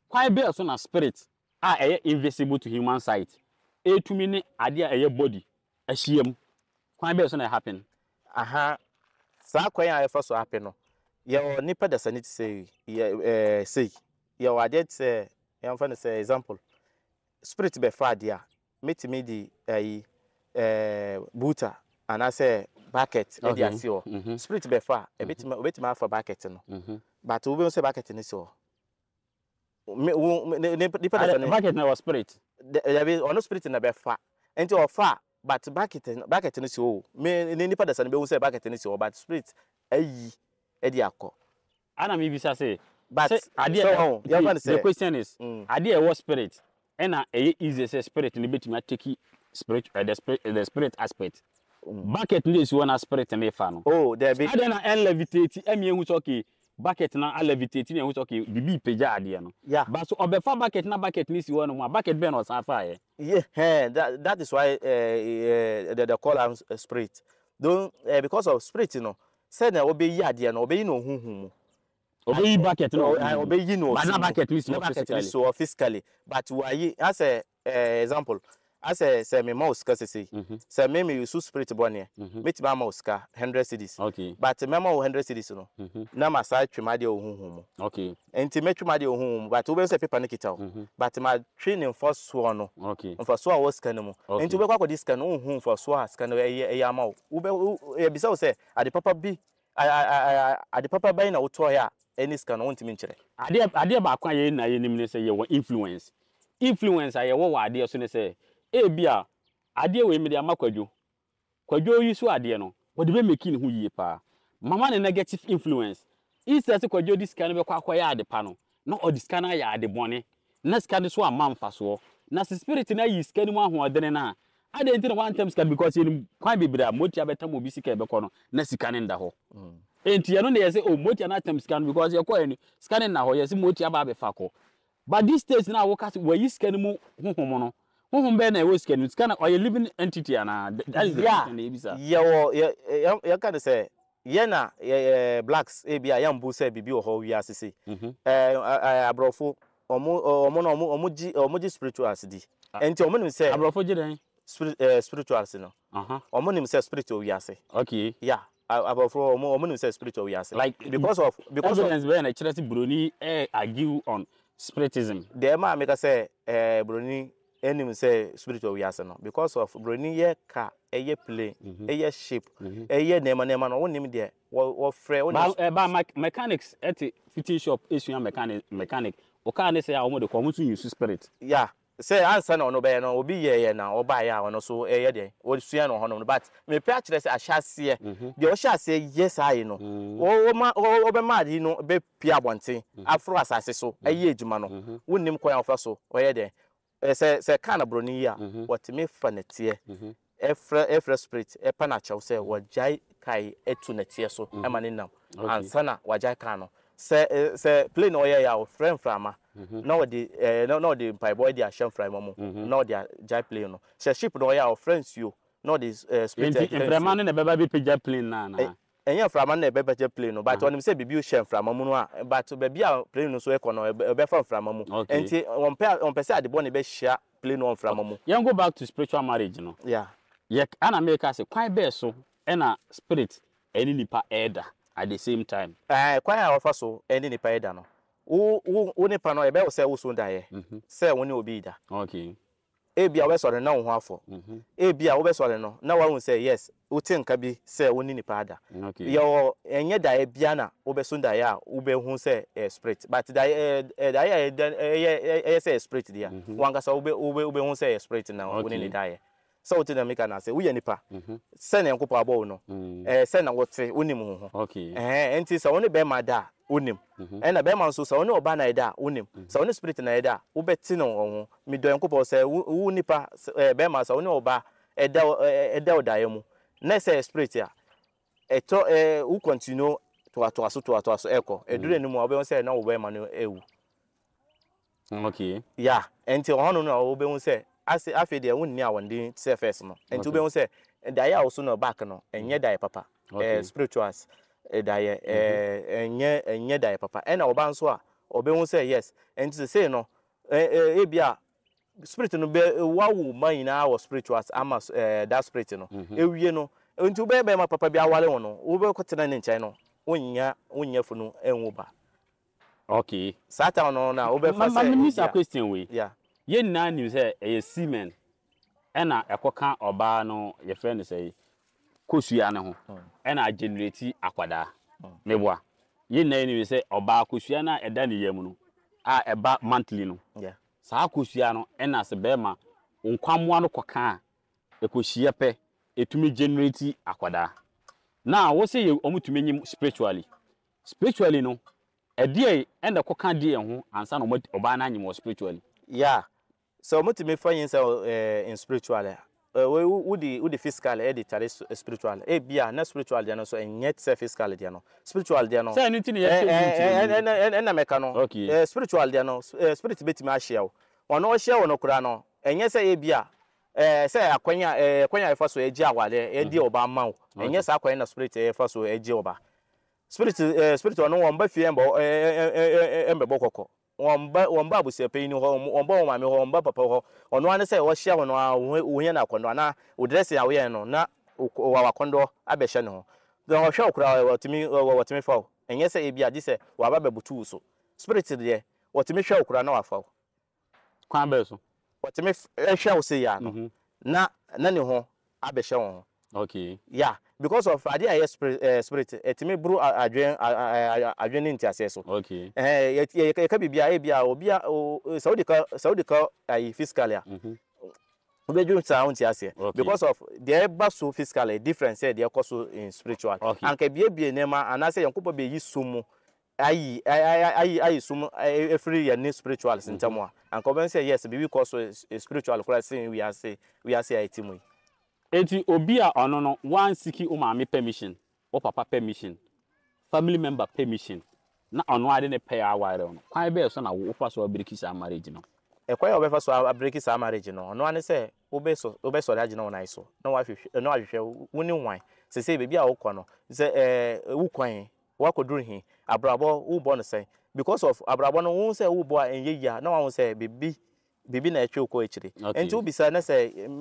kwan bɛɛ so na spirit a ɛyɛ invisible to human sight ɛtumi ne adeɛ a ɛyɛ body ahyia mu kwan bɛɛ so na ɛhappen. aha saa kwan a yɛfa so happen no yɛwɔ nipa dasa ne ti sɛ yɛ ɛɛ eh, sɛ yɛwɔ adeɛ ti sɛ yɛnfa ne sɛ example spirit bɛfa adeɛ a metumi di ɛyi ɛɛ eh, buuta anaasɛ bucket na de ase hɔ mm-hmm. spirit bɛfa a ebetuma mm-hmm. obetuma afa bucket no mm-hmm. but wo bɛ n sɛ bucket no si hɔ me wo ne ne nipa dasa ne bucket na wɔ spirit dabi ɔno spirit na bɛfa nti ɔfa but bucket bucket no si hɔ me ne nipa dasa ne bɛ n sɛ bucket no si hɔ but spirit ayi ɛde akɔ. ana mi bisa se. but sɛ adeɛ so, the, the question is mm. adeɛ ɛwɔ spirit ɛna ɛyɛ easy sɛ spirit ne betuma take spirit uh, eh, the spirit uh, the spirit aspect. Mm. bucket no esi hɔ na spirit ne fa no oh dabi adeɛ na ɛlevitate ɛmi ehu sɛ okay bucket na elevitate na ehu sɛ okay bibi ipagya adeɛ no yeah but so ɔbɛfa bucket na bucket no esi hɔ no mu a bucket bɛn na ɔsan fa yɛ yeah hey, eh, that that is why uh, uh, they, they call am spirit don uh, because of spirit you no know, sɛ na ɔbɛyi adeɛ no ɔbɛyi na ohunhun mu obeyi bucket no obeyi no baza bucket no so physically but wayi as a uh, example asɛ sɛ mema wo sika sesei mhm. sɛ me meyesu spirit bɔneɛ mɛtumi mhm. ama wo sika 100 cities but mɛma wo 100 cities no mhm. na masaa twem adeɛ wo honhom mu enti mɛtwem adeɛ wo honhom mu but wobɛhu sɛ paper no kita wo but matwe ne mfɔsoɔ no mfɔsoɔ a wɔ sika no mu enti wobɛkɔ akɔde sika no wohu mfɔsoɔ a sika no ɛyɛ ama wo yɛbisa wo sɛ ade papa bi adi papa bɛn na wotɔɔeɛ a ɛne sika no wontumi nkyerɛ adeɛ baako a yɛn na yɛnim ne sɛ yɛwɔ influence influence a yɛwɔ wɔ adeɛ so ne sɛ ebi a adeɛ wei mede ama kwadwo kwadwo yi so adeɛ no wɔde bɛmeki ne ho yie paa mama ne negative influence instead sɛ kwadwo di sika no bɛkɔ akɔyɛ ade pa no na ɔde sika no ayɛ ade bɔne na sika no so ama mfasoɔ na sɛ spirit no ayi sika no mu ahoɔdene no a adɛn nti na wantam sika because yɛnim kwan bebree a motia bɛtam obi sika ɛbɛkɔ no na sika no nda hɔ mm. nti yɛno na yɛsɛ o oh, motia no atam sika no because yɛkɔɛ no sika no nna hɔ yɛsɛ motia ba abɛfa kɔ but these days no a woka sika no mu honhom no huhun bɛɛ na ɛwɔ sika no sika na ɔyɛ living entity anaa that is the yeah. question na ebisa. yɛwɔ yɛ yɛka ne sɛ yɛn na yɛ yɛ blacks ebi eh, a yɛn bu sɛ bibi wɔ hɔ wia sisi. Mhm. ɛɛ aborɔfo ɔmo ɔmo na ɔmo ɔmo gye ɔmo gye spirituals di. Ah. nti ɔmo nim sɛ. aborɔfo gye dɛn. spirit ɛɛ spirituals no. ɔmo nim sɛ spiritual wia se. okay. yeah abɔfra ɔmo ɔmo nim sɛ spiritual wia se. like because of because of evidence bɛyɛ na kyerɛ sɛ buroni ɛɛ eh, argue on spiritism. deɛ maa mi ka sɛ ɛɛ buroni ɛnim sɛ spiritual wiase no because of buroni yɛ ka ɛyɛ plane mhm. ɛyɛ shape mhm. ɛyɛ nneɛma nneɛma no wonim deɛ wɔfrɛ wonim ba mechanics ɛte fitting shop esua mechanic mechanic ɔkaa ne sɛ a wɔn de kɔ wɔn nso spirit. ya sɛ ansa na ɔno bɛyɛ no obi yɛyɛ na ɔbaayɛ a ɔno so ɛyɛ deɛ ɔsua no hɔnom no but mepɛ akyerɛ sɛ ahyɛ aseɛ mhm. deɛ ɔhyɛ aseɛ yɛ saa yi no wɔbɛma ade no bɛpie abɔnten aforo asase so ɛyɛ adwuma no wonim kwan a wɔfa so ɔyɛ deɛ sɛ sɛ kaa na buroni yi a mhm. wɔtumi fa nɛteɛ mhm. ɛfrɛ ɛfrɛ spirit ɛpɛ n'akyɛw sɛ mhm. wɔgyae kae ɛtu nɛteɛ so ɛma ne nam ansa na wɔgyae kaa no sɛ sɛ plane na ɔyɛ yɛ a wɔfrɛ mframa na wɔde ɛɛ na wɔde mpaebɔ ɛde ahyɛ mframa mu na wɔde agyae plane no sɛ ship na ɔyɛ a wɔfrɛ nsuo na wɔde ɛɛ spirit ɛkɛ nsuo. nti mframa no na ɛbɛba bi pagya plane naa ɛnyɛ mframa na ɛbɛbɛkyɛ plane no but ɔnim sɛ biribi hyɛ mframa mu no a but baabi a plane no so ɛkɔ no ɛbɛfa mframa mu nti ɔmpɛ sɛ adebɔ ne bɛhyia plane wɔ mframa mu yɛn go back to spiritual marriage no yeah. yɛ ana meka sɛ kwan bɛɛ so ɛna spirit ɛne nipa ɛɛda at the same time ɛɛ eh, kwan a wɔfa so ɛne nipa ɛɛda no wo wo nipa no ɛbɛwɔ sɛ wo so da yɛ sɛ wo ne obi da okay ebi a wobɛsɔre na wo ho afɔ mhm. ebi a wobɛsɔre no na wahu sɛ yes wote nka bi sɛ woni nipa ada yɛwɔ ɛnyɛ daeɛ bia na wobɛso daeɛ a wobɛhu sɛ ɛyɛ spirit but daeɛ a ɛyɛ sɛ ɛyɛ spirit deɛ mhm. wankasa wobɛhu sɛ ɛyɛ spirit na wone ne daeɛ sɛ wote na meka no ase woyɛ nipa mhm. sɛne nyankopɔn abɔ wo no mm. sɛ na wote wonim ho ho ɛnti sɛ wo ne bɛrima da a wonim mhm. ɛna bɛrima nso sɛ wo ɔba na ɛda a wonim mhm. sɛ wo spirit na ɛda a wobɛte ne ho medɔ nyankopɔn sɛ wo nipa bɛrima sɛ wo ne ɔba ɛda wo daeɛ mu na sɛ spirit a ɛtɔ wo continue toatoa so toatoa so ɛkɔ mm. ɛduru anim a wobɛhu sɛ na wo bɛrima no ɛwu ya ɛnti ɔhɔ no no a wobɛhu sɛ ase afei deɛ wonni a sɛ first no nti wobɛhu sɛ daeɛ a wo so no back no ɛnyɛ mm-hmm. daeɛ papa eh, spirituals eh, daeɛ eh, mm-hmm. ɛnyɛ daeɛ papa ɛna nso a sɛ yes nti no ebi a spirit no bɛ wawo ma nyinaa wɔ spirituals ama spirit no mm-hmm. ewie no nti wobɛyɛ ma papa bi awale wɔn no ne nkyɛn no funu ɛnwo ba. okay. saa taa no na wobɛfa yɛn nyinaa nim sɛ ɛyɛ semen ɛna ɛkɔka ɔbaa no yɛfrɛ no sɛ kosua ne ho ɛna agenerate akwadaa hmm. meboa yɛn nyinaa nim sɛ ɔbaa kosua no a ɛda ne yam no a ɛba monthly no saa kosua no ɛna sɛ bɛrima nkwammoa no kɔka a ɛkɔhyia pɛ ɛtumi generate akwadaa na wɔsɛ yɛ ɔmo tumi nyim spiritually spiritually no ɛdeɛ ɛna ɛkɔka deɛ ho ansa na ɔbaa no anyim wɔ spiritually yeah sɛ ɔmotumi fa yin sɛ eh, in spiritual wode wode fiscal ɛde kyare spiritual ebia eh, na spiritual deɛ no so ɛnyɛ eh, sɛ fiscal deɛ no spiritual deɛ no sɛ ɛno nti ne yɛɛna mɛka no spiritual deɛ no spirit bɛtumi ahyia wo ɔno ɔhyia wo no koraa no ɛnyɛ sɛ ebia sɛ akwan a kwan a yɛfa so agye awadeɛ yɛdi ɔba mhm. ma wo ɛnyɛ saa kwan na spirit yɛfa so agye ɔba spirit spirit ɔno wɔn ba fie ɛmbɛbɔ kɔkɔ wɔmba wɔmba abusuapɛyin hɔ wɔmba wɔn maame hɔ wɔmba papa hɔ ɔno ara ne sɛ wɔhyia wɔn a wɔnyɛ no akɔndɔ anaa wɔdrɛsi a wɔyɛ no na wɔwɔ akɔndɔ abɛhyɛ ne ho na ɔhwɛ ɔkura wɔtumi wɔtumi fa ɛnyɛ sɛ ebi agye sɛ wɔaba butuw so spirit deɛ wɔtumi hwɛ ɔkura na wafa o. kwan bɛɛ so. wɔtumi hwɛ ɔsɛ yia no mhm. na na ne ho abɛhyɛ wɔn ho okay yeah because of ade eh, eh, a yɛ spirit ɛtumi buru adwen adwen ne ntiaseɛ so okay ɛhɛn yɛka biribi a ebi a obi a sɛ wodi ka eh, sɛ wodi ka ayi fiscal a wobɛdwum saa wo nti aseɛ because of deɛ ɛba so fiscal different sɛ deɛ ɛkɔ so in spiritual okay. anka biebie nneɛma anaasɛ yɛnkopɔ bɛyi so mu ayi ayi ayi so mu ɛfiri yɛn ne spiritual mm-hmm. ntɛm a anka wɔbɛn sɛ yes biribi kɔ so spiritual koraa sɛ wiase wiase a ɛte mu yi eti obi a ɔno no wansiki wo umami permission wo papa permission family member permission na ɔno ade ne pɛɛ awaare no kwan bɛyɛ so na wofa so abiriki saa marriage no ɛkwan a wɔbɛfa so abiriki saa marriage no ɔno ane sɛ wobɛsɔre agyina wo nan so na wahwehwɛ wo ne wan sɛsɛ baabi a wokɔ no sɛ wo kwan wakɔduru hi abrabɔ wobɔ no sɛn because of abrabɔ no wo sɛ wobɔ a ɛnyɛ yia na wahu sɛ biribi biribi na ɛtwe wokɔ akyire nti wobisa na sɛ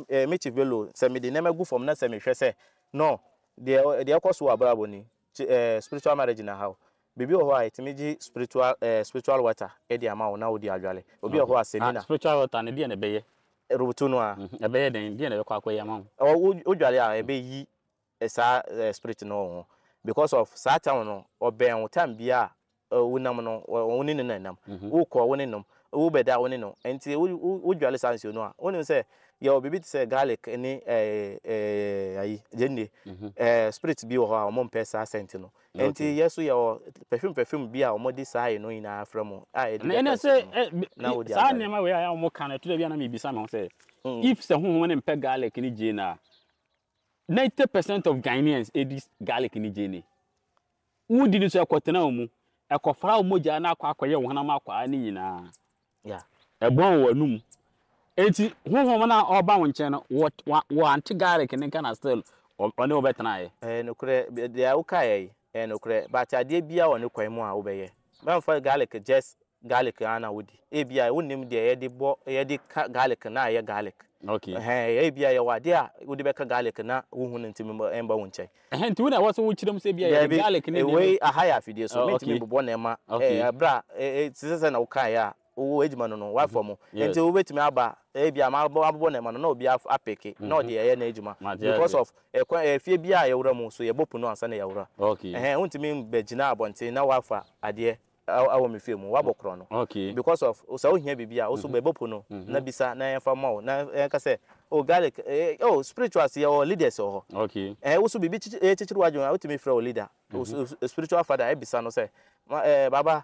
eh, mechi velo sɛ mede nɛma gu fam na sɛ mehwɛ sɛ no deɛ ɛkɔ so wɔ abrabɔ ni eh, spiritual marriage na haw biribi wɔ hɔ a ɛtumi gye spiritual eh, spiritual water ɛde ama wo na wode adwale obi wɔ hɔ a sɛmina ah, spiritual water no deɛ na ɛbɛyɛ roboto no a mhm. ɛbɛyɛ den deɛ na ɛbɛkɔ akɔyɛ ama wo wodwale a ɛbɛyi saa spirit no wɔ ho because of saa time no ɔbɛn wo time bia a wonam no wo ne ne nanam mhm. wokɔ wo ne nom wobɛda wo ne no nti wodwale saa nsuo no a wonim sɛ yɛwɔ biribi te sɛ garlic ne ayi gyennee mhm. spirit bi wɔ hɔ a ɔmo mpɛ saa sɛnti no nti yɛ so yɛwɔ perfume perfume bi a ɔmɔde saa yi no nyinaa frɛ mu a yɛde saa nneɛma wei a ɔmo ka no ɛto da bi a na mebisa sɛ mm. if sɛ honhom ne mpɛ garlic ni gyee no a 90 percent of ghanaians ɛdi garlic ni gyee ne wodi no so ɛkɔtena wo mu ɛkɔfra wo mogya no akɔ akɔyɛ wo hanam akɔa ne nyinaa ɛbɔn wɔ anum eti huhum na ɔba wɔn nkyɛn no wɔ wɔ anti garlic ne kana still ɔne ɔbɛtena yɛ. ɛɛ nukurɛ deɛ awoka yɛ yi ɛɛ nukurɛ baate adeɛ bi a wɔ ne kwan mu a wobɛyɛ bɛnfa garlic just garlic ana wodi deɛ yɛde bɔ yɛde ka garlic na ayɛ garlic. okay ɛhɛn adeɛ a wode na ntumi nkyɛn. ɛhɛn wo na mu sɛ garlic ne deɛ. aha yɛ afidie so oh, wo edwuma no no wafɔ mu nti wobɛtumi aba ebi a mabɔ ne ma no na obi apeke na ɔde ɛyɛ no edwuma because of ɛkwan efie bi a mu so yɛbɔ pono ansa na yɛwura ɛhɛn ntumi bɛgyina abɔnten na wafa adeɛ awɔ mi fie mu wabɔ korɔ no because of sɛ ohia bibi a woso bɛbɔ pono na bisa na yɛmfa ma wo na yɛka sɛ o garlic eh, oh spiritual si yɛwɔ leaders wɔ hɔ ɛhɛn woso biribi kyikyiri wadwuma wotumi frɛ o leader spiritual father ebisa no sɛ baba.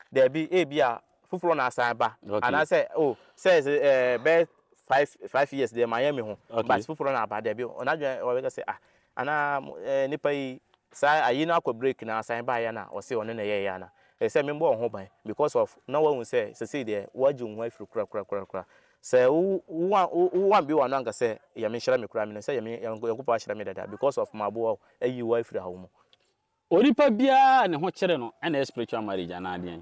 daabi ebi a foforɔ na asan ba anaasɛ o oh, sɛ ɛɛ eh, bɛɛ five five years deɛ maa yɛ mi ho but foforɔ na aba daabi ɔnadwene ɔbɛka sɛ ah ana ɛɛ eh, nipa yi saa ayi no break na asan ba yɛ na ɔsɛ ɔno na yɛ yɛ ana ɛsɛ mi bɔ ɔho ban because of na wɔn sɛ sɛsɛ deɛ wɔagye wɔn afiri kura kura kura kura sɛ wowan bi wano anka sɛ yɛme nhyira me kora mene sɛ yɛnkopɔ ahyira me dada because of maboa ayi wo afiri hawo mu onipa biara ne ho kyere no ɛna spiritual marriage anaa deɛn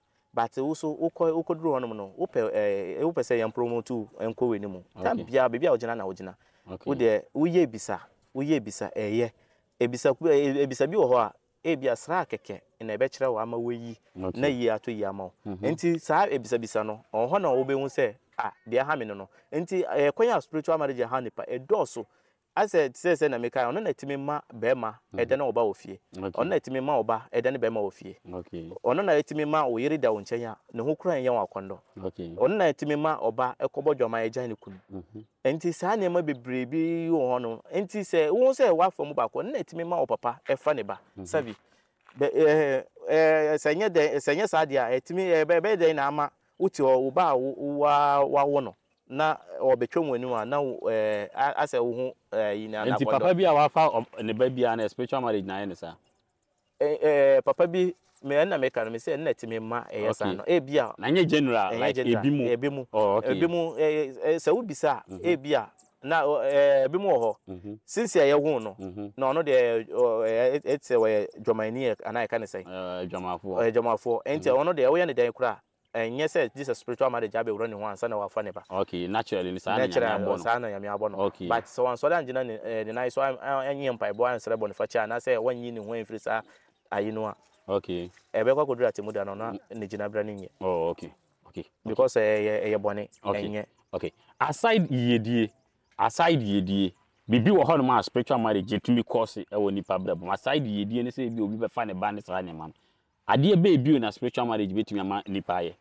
but also wokɔ wokɔduru hɔnom no wopɛ ɛɛ eh, wopɛ sɛ yɛn promote nkɔ wɔ anim tam biara beebi a wogyina na wogyina wodeɛ woyɛ ebisa woyɛ ebisa ɛyɛ eh, ebisa ku ebisa eh, e bi wɔ hɔ a ebi asra kɛkɛ na ɛbɛkyerɛ wɔ ama wɔyi na yie ato yie ama wo mm-hmm. nti saa ebisabisa no ɔhɔ na wɔbɛhu sɛ a ah, deɛ ha mi no no nti ɛkwan a spiritual marriage ha nipa ɛdɔɔso. E asɛ sɛ sɛ na meka ɔno na ma bɛrima mm. ɛda na ɔba wɔ ɔno na ɛtumi ma ɔba ɛda ne na ɛtumi ma ɔyere da wɔ nkyɛn a ne ho kura nyɛ akɔndɔ ɔno na ma ɔba ɛkɔbɔ dwama ɛgya ne kunu mhm. nti saa nneɛma bebree bi wɔ hɔ no nti sɛ sɛ mu baako ɔno na ɛtumi ma ɔpapa ɛfa ne ba mhm. sabi dɛ saa deɛ a ɛbɛyɛ dɛ na ama wote na ɔbɛtwa mu anim a na asɛ wo ho ɛɛ nti papa bi a wafa ne ba bi na spiritual marriage na ayɛ ne saa. papa bi mɛ ɛna mɛ kan mɛ sɛ ɛna tɛmɛ ma ɛyɛ saa no ebi a. na n general like ebi mu ebi mu oh, ebi mu ɛɛ sɛ wo bisa ebi a mhm. na ɛɛ ebi mu wɔ hɔ sinsi a yɛ no mhm. na ɔno deɛ ɛɛ ɛsɛ wɔyɛ dwamani yɛ anaa yɛ ka ne sɛn. ɛɛ dwamafoɔ ɛɛ dwamafoɔ ɛnti mhm. ɔno deɛ ɔyɛ ne dan kura ɛnyɛ sɛ jesus spiritual marriage abɛwura ne ho ansa na wafa ne ba okay naturally saa na nyame abɔ no saa na nyame abɔ no okay but sɛ wansɔre angyina ne ne nan so anyɛ mpaebɔ ansrɛ bɔ ne fa kyɛ anaasɛ wanyi ne ho amfiri saa ayi no a okay ɛbɛkɔ akɔduru atemu da no na ne gyina berɛ no nyɛ oh okay okay because ɛyɛ ɛyɛ bɔne ɛnyɛ okay aside yiedie aside yiedie biribi wɔ hɔnom a spiritual marriage yɛtumi kɔse ɛwɔ nipa berɛ bɔ aside yiedie ne sɛ ebi obi bɛfa ne ba ne saa nneɛma no adeɛ bɛɛ bio na spiritual marriage bɛtumi ama nipa ayɛ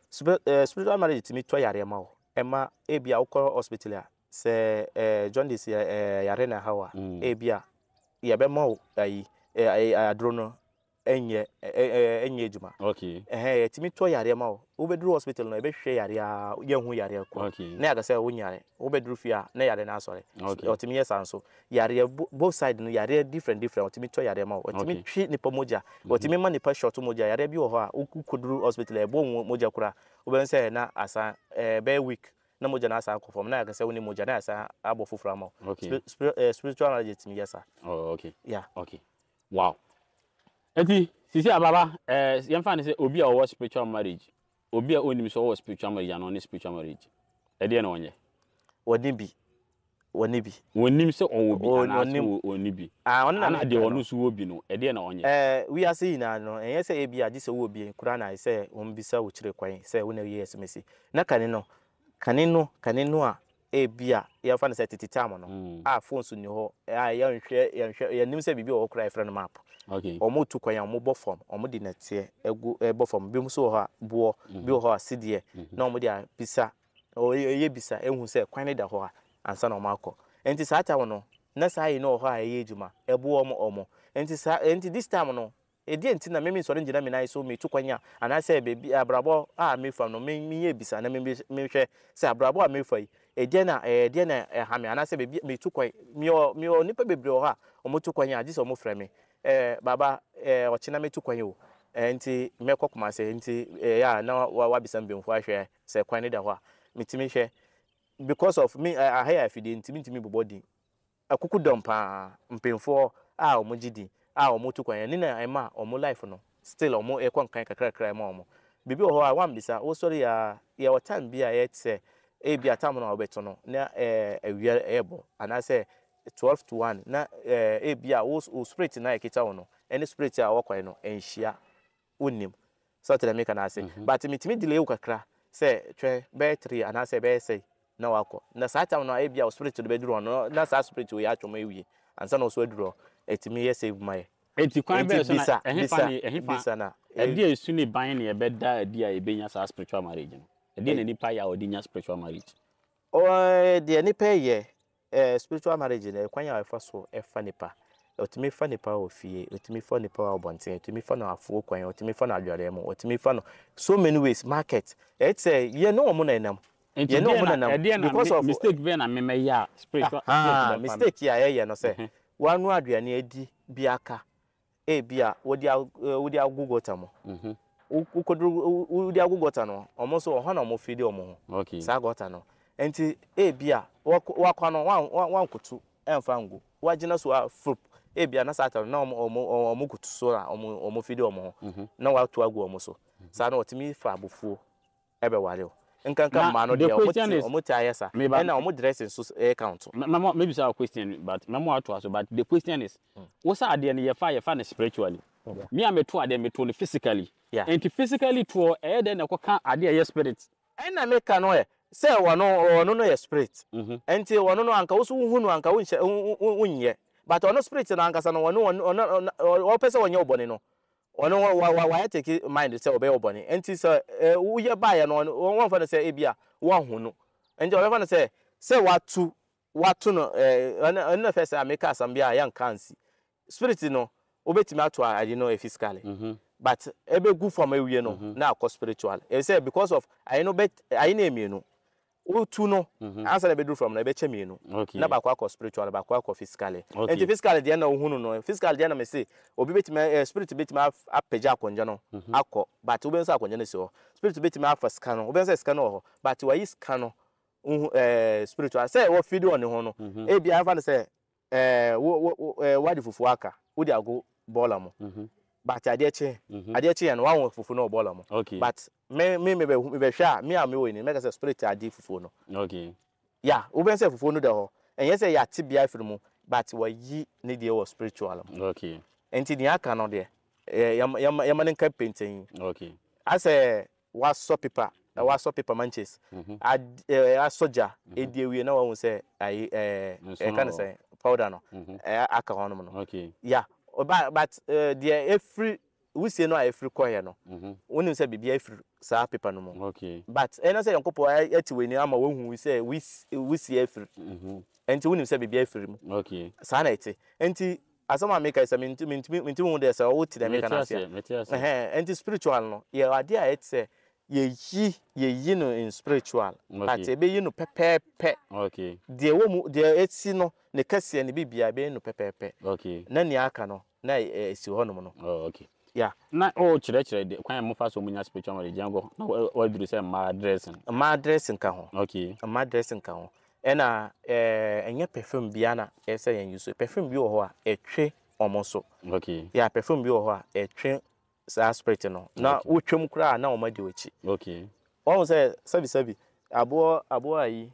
eh, spiritual marriage tumi tɔ yareɛ ma wo ɛma ebi eh, a wokɔ hospital a sɛ ɛɛ jaundice ɛɛ yare na ha wa ebi a mm. eh, yɛbɛma wo ayi ɛɛ aduro no enye ejuma adwuma ɛhɛn yɛtumi tɔ yareɛ ma wo wobɛduru hospital no yɛbɛhwɛ yareɛ a yɛhu yareɛ kɔ na yɛaka sɛ wonyare wobɛduru fie a na yareɛ no asɔre ɔtumi yɛ saa nso yareɛ both side no yareɛ different different ɔtumi tɔ yareɛ ma ɔtumi twe nipa mogya mhm. ɔtumi ma nipa short mogya yareɛ bi wɔ hɔ a wokɔduru hospital ɛbɔ wo mogya wobɛhu sɛ na asa ɛɛ week na mogya no asan kɔ fam na yɛka sɛ wone mogya na yɛsan abɔ foforɔ ama eti sisi ababa ɛɛ eh, yɛmfa ni sɛ obi a ɔwɔ spiritual marriage obi a onim sɛ ɔwɔ spiritual marriage anaa ɔne spiritual marriage ɛdeɛ na ɔnyɛ. wɔne bi wɔne bi. wɔnim sɛ bi anaasɛ ah, bi ɔno wɔ bi no ɛdeɛ na ɔnyɛ. ɛɛ eh, wiase no ɛnyɛ sɛ ebi wɔ bi nkura na sɛ wɔn bi sɛ wɔkyerɛ kwan sɛ wɔn na yɛ ɛsɛmɛsɛ na kane no kane no kane no a ebi a sɛ tete tam no mm. a phone so ni hɔ a yɛnhwɛ yɛnhwɛ yɛnim sɛ biribi ɔmo tu kwan ɔmo bɔ fam ɔmo de nɛteɛ ɛgu ɛbɔ fam bi mo so wɔ hɔ a boɔ mhm. bi wɔ hɔ a sideɛ mhm. na ɔmo de abisa ɔyɛ bisa ehu sɛ kwan da hɔ a ansa na ɔmo akɔ nti saa no na saa yi na wɔ a ɛyɛ adwuma ɛboɔ ɔmo ɔmo nti saa no nti na nsɔre mi nan so kwan a anaasɛ beebi abrabɔ a no bisa na mɛhwɛ sɛ abrabɔ a fa yi ɛdeɛ na ɛdeɛ na ɛha anaasɛ beebi mɛtu kwan mɛ ɔ mɛ nipa bebree wɔ a ɔmo tu kwan baba ɔkyena mɛtu kwan o nti mɛkɔ kumase nti ɛyɛ a na wabisa mpanyinfoɔ ahwɛ sɛ kwan no da hɔ a metumi hwɛ because of me aha yɛ afidie nti metumi bobɔ din akoko dɔm paa mpanyinfoɔ a wɔn gye din a wɔn tu kwan ne na ɛma wɔn life no still wɔn ɛkɔ nkan kakrakra ɛma wɔn biribi wɔ hɔ a wambisa wosɔre yɛ yɛwɔ time bi a yɛte sɛ ebi atam no a wɔbɛto no na ɛɛ awia ɛɛbɔ anaasɛ twelve to one na eh, ebi a wo wo spirit na ekita wo no ɛne spirit a wɔkɔɛ no ɛnhyia onim sɔtɛrɛ mi kana ase mhm. but mitimi delay wo kakra sɛ twɛ bɛyɛ three anaasɛ bɛyɛ sɛ na wakɔ na saa time no ebi a wo spirit no bɛduru hɔ na saa spirit wo yɛ atwom ewie ansa na oso aduru hɔ ɛtumi yɛ save mayɛ. eti kwan bɛyɛ so na ɛhefa ɛhefa na eh, ɛdi esu ne ban ne ɛbɛda ɛdi a ebenya saa spiritual marriage no ɛdi eh. na nipa yɛ a ɔdi nya spiritual marriage. ɔɔ deɛ nipa yɛ spiritual marriage na ɛkwan a ɛfa so ɛfa nipa ɔtumi fa nipa wɔ fie fa nipa wɔ abɔnten ɔtumi fa no afuo kwan fa no so many ways market ɛtɛ yɛ ne wɔn na ɛnam yɛ ne wɔn mo na ɛnam because of mistake na mɛmɛ yɛ a mistake yɛ a ɛyɛ no sɛ mhm. wanu aduane edi bi aka ebi a agu mu agu no nso na fi de ho saa nti ebi a wakɔ no wankoto ɛmfa e ngo wagyina so a flop ebi a na saa atare na ɔmo koto so na ɔmo fidi ɔmo ho mhm. na wato agu ɔmo so mhm. saa na ɔtumi fa abofuo ɛbɛware e o nkankan mmaa no deɛ ɔmo ti ɔmo ti ayɛ sa ɛna e ɔmo dressing so ɛyɛ count. na mo maybe sa question but na mo ato aso but the question is mm. wosa adeɛ no yɛfa yɛfa no spiritually mi a meto adeɛ meto no physically nti physically toɔ ɛyɛ dɛ na ɛkɔka adeɛ ɛyɛ spirit. ɛna meka no yɛ sɛ wɔno ɔno no yɛ spirit mm-hmm. nti wɔno no anka woso wohu no anka wonyɛ but ɔno spirit no ankasa no ɔno ɔpɛ sɛ wɔnyɛ wobɔne no ɔno wayɛ take mind sɛ ɔbɛyɛ wobɔne nti sɛ woyɛ baeɛ no wɔmfa no sɛ ebia woahu no nti ɔbɛfa no sɛ sɛ watu watu no ɛno na fɛ sɛ a ah, meka asɛm bi a yɛnka nsi spirit no wobɛtumi ato ade no physically mm-hmm. but ɛbɛgu fam awie no mm-hmm. na akɔ spiritual ɛsɛ because of ayi no ayi no emienu otu no mhm. ansa na bɛduru from na ɛbɛkyɛ mmienu na baako akɔ spiritual na baako akɔ physical nti physical deɛ na ohunu no physical deɛ na mɛ se obi bɛtumi ɛɛ eh, spirit bɛtumi apagya akɔnja no mhm. akɔ but obi nso akɔnja no si hɔ spirit bɛtumi afa sika no obi nso sika no wɔ hɔ but wɔyi no nhu eh, spiritual sɛ wɔ fidi wɔ ho no mhm. ebi afa no sɛ ɛɛ eh, wo wo ɛɛ wadi fufu aka wodi ago bɔɔla mu but adeɛ kye adeɛ kye yɛn no wɔn fufu no wɔ bɔɔla but me me me bɛ hwɛ a me a me wɔ yi ni mɛka sɛ spirit adi fufuo no. okay. ya wobɛn sɛ fufuo no da hɔ ɛnyɛ sɛ yɛate bea firi mu but wɔyi ne deɛ wɔ spiritual mu. okay. nti nea aka no deɛ ɛɛ yɛma yɛma ne nka pɛntɛn. okay. asɛ wasɔ pepa wasɔ pepa manches. Mhm. ad ɛɛ asɔ mhm. edi ewie na wɔn sɛ ayi ɛɛ ɛka ne sɛ powder no. ɛɛ mhm. aka hɔnom no. okay. ya ɔba but ɛɛ deɛ efiri wusie no a efiri kɔɛ no mhm. wonim sɛ biribi efiri saa pepa no mu but ɛna sɛ yankopɔ ɛti wɔ ani ama wohu sɛ wusie efiri mhm. nti wonim sɛ biribi efiri mu saa na ɛte nti asɛm a meka sɛ mentumi hu deɛ sɛ wote dɛ meka no aseɛ nti spiritual no yɛ ade a ɛte sɛ yɛyi yɛyi no in spiritual but ɛbɛyi no pɛpɛɛpɛ deɛ wɔ mu deɛ ɛsi no ne kɛseɛ ne bibia ɛbɛyi no pɛpɛɛpɛ na nea aka no na ɛsi hɔnom no oh, ya na o oh, kyerɛkyerɛ de kwan mu fa so mu nya spiritual knowledge yango na waduru sɛ mma dressing Mma dressing ka ho okay Mma dressing ka ho ɛna ɛɛ eh, ɛnyɛ perfume bi ana ɛsɛ yɛn use perfume bi wɔ hɔ a ɛtwe ɔmo so okay ya perfume bi wɔ hɔ a ɛtwe saa spirit no na kura a na ɔmo adi wɔkyi okay wɔn sɛ sɛbisɛbi aboɔ aboɔ ayi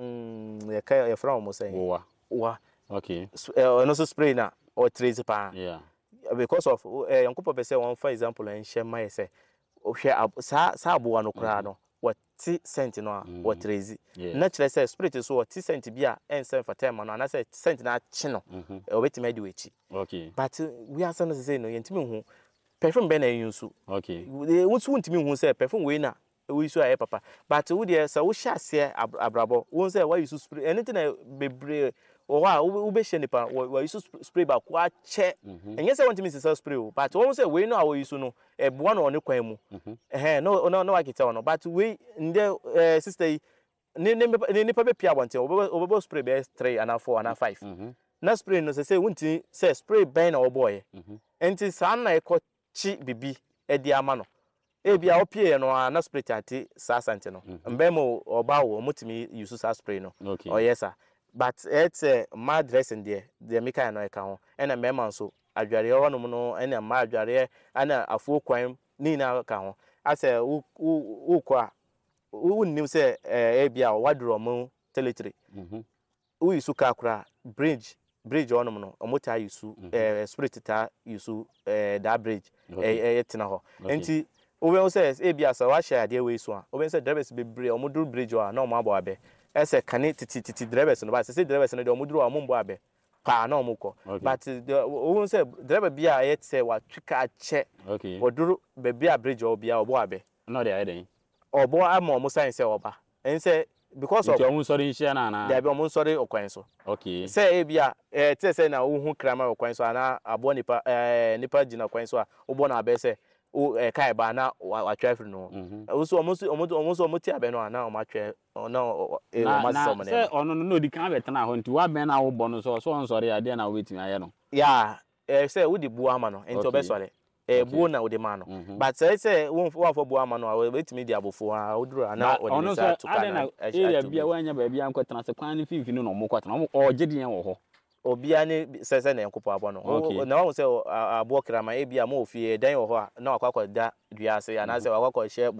mm yɛka yɛfrɛ wɔn sɛ wa wa okay ɛno eh, so spray na ɔtrezi paa yeah because of nyankopɔn pɛ sɛ wɔmfa example nhyɛ ma yɛ sɛ hwɛ saa aboa no koraa mm-hmm. no wɔte cent no a wɔtrɛzi na kyerɛ sɛ spirit so wɔte cent bi a ɛnsɛ mfa time no anaasɛ cent no akye mm-hmm. eh, eh, no wɔbɛtumi adi wɔakyi but wiase no sesei no yɛntumi hu perfume bɛn na ɛyi nso nso wontumi hu sɛ perfume wei na woyi so ayɛ papa but wodeɛ eh, sɛ wohyɛ aseɛ abrabɔ wo sɛ woayi so spirit ɛno nti na bebree wɔ hɔ a nipa wɔyi so spray baako akyɛ ɛnyɛ sɛ wɔntumi sisa spray o but wɔn sɛ wei no a wɔyi so no ɛboa mm-hmm. no ɔne kwan mu ɛhɛn na na wakita wɔn no but wei ndɛ ɛɛ eh, sista yi ne nipa bɛ pia abɔnten wɔbɛbɔ wɔbɛbɔ spray three ana four ana five mm-hmm. na spray no sɛ sɛ wuntumi sɛ spray bɛn mm-hmm. na nti saa na ɛkɔ bibi eh, ama no ebi eh, a ɔpie yɛ no but ɛtɛ mmaa dressing deɛ deɛ mika yɛ no ɛka ho ɛna mmarima nso adwareɛ hɔnom no ɛna mmaa adwareɛ ɛna afuo kwan ne nyinaa ka ho asɛ wokɔ eh, a wonnim sɛ ɛbi a wadoro ɔmo territory woyi so kaa koraa bridge bridge hɔnom no ɔmo taa yi su ɛɛ spirit taa yi su ɛɛ daa bridge ɛɛ ɛtena hɔ nti wobɛn sɛ ebi asɛ wahyɛ adeɛ wei so a wobɛn sɛ drivers bebree ɔmo duro bridge hɔ a na ɔmo abɔ abɛ. ɛsɛ kane titi titi drivers no ba sɛ sɛ drivers no deɛ ɔmo duro a ɔmo mbɔ abɛ paa na ɔmo kɔ but ohun sɛ driver bi a ɛyɛ sɛ watwi ka akyɛ ɔduro baabi a bridge ɔbi a ɔbɔ abɛ. na ɔde ayɛ dɛ. ɔbɔ ama ɔmo sign sɛ ɔba nsɛ because of. nti ɔmo nsɔre nhyia na ana. dabi ɔmo nsɔre ɔkwan so. okay sɛ ebi a ɛɛ tɛ sɛ na ohun kraman ɔkwan so ana aboɔ nipa ɛɛ nipa gyina ɔkwan so a ɔbɔ na abɛ sɛ ɛka eh, ɛba na watwa afiri no mhm. ɔmuso ɔmo te abɛn no a na eh, ɔmo atwɛ na ɔmo asesa ɔmo nɛɛma. sɛ ɔno no na kan abɛtena hɔ nti wabɛn na awobɔ no so ɔsɔ nsɔre adeɛ na ayɛ no. sɛ wodi ama no nti buo na no mhm. but sɛ sɛ ama no a di abofo a ana ɔde na ɛhyɛ ato mu. ɔno baabi sɛ kwan ne finfin no na ɔmo kɔtena ɔmo deɛ obia ne sɛ na nyankopɔn abɔ no na wahu sɛ aboɔ krama ebia ma ofie dan wɔ hɔ a na da dua ase mhm. anaasɛ wakɔakɔhyɛ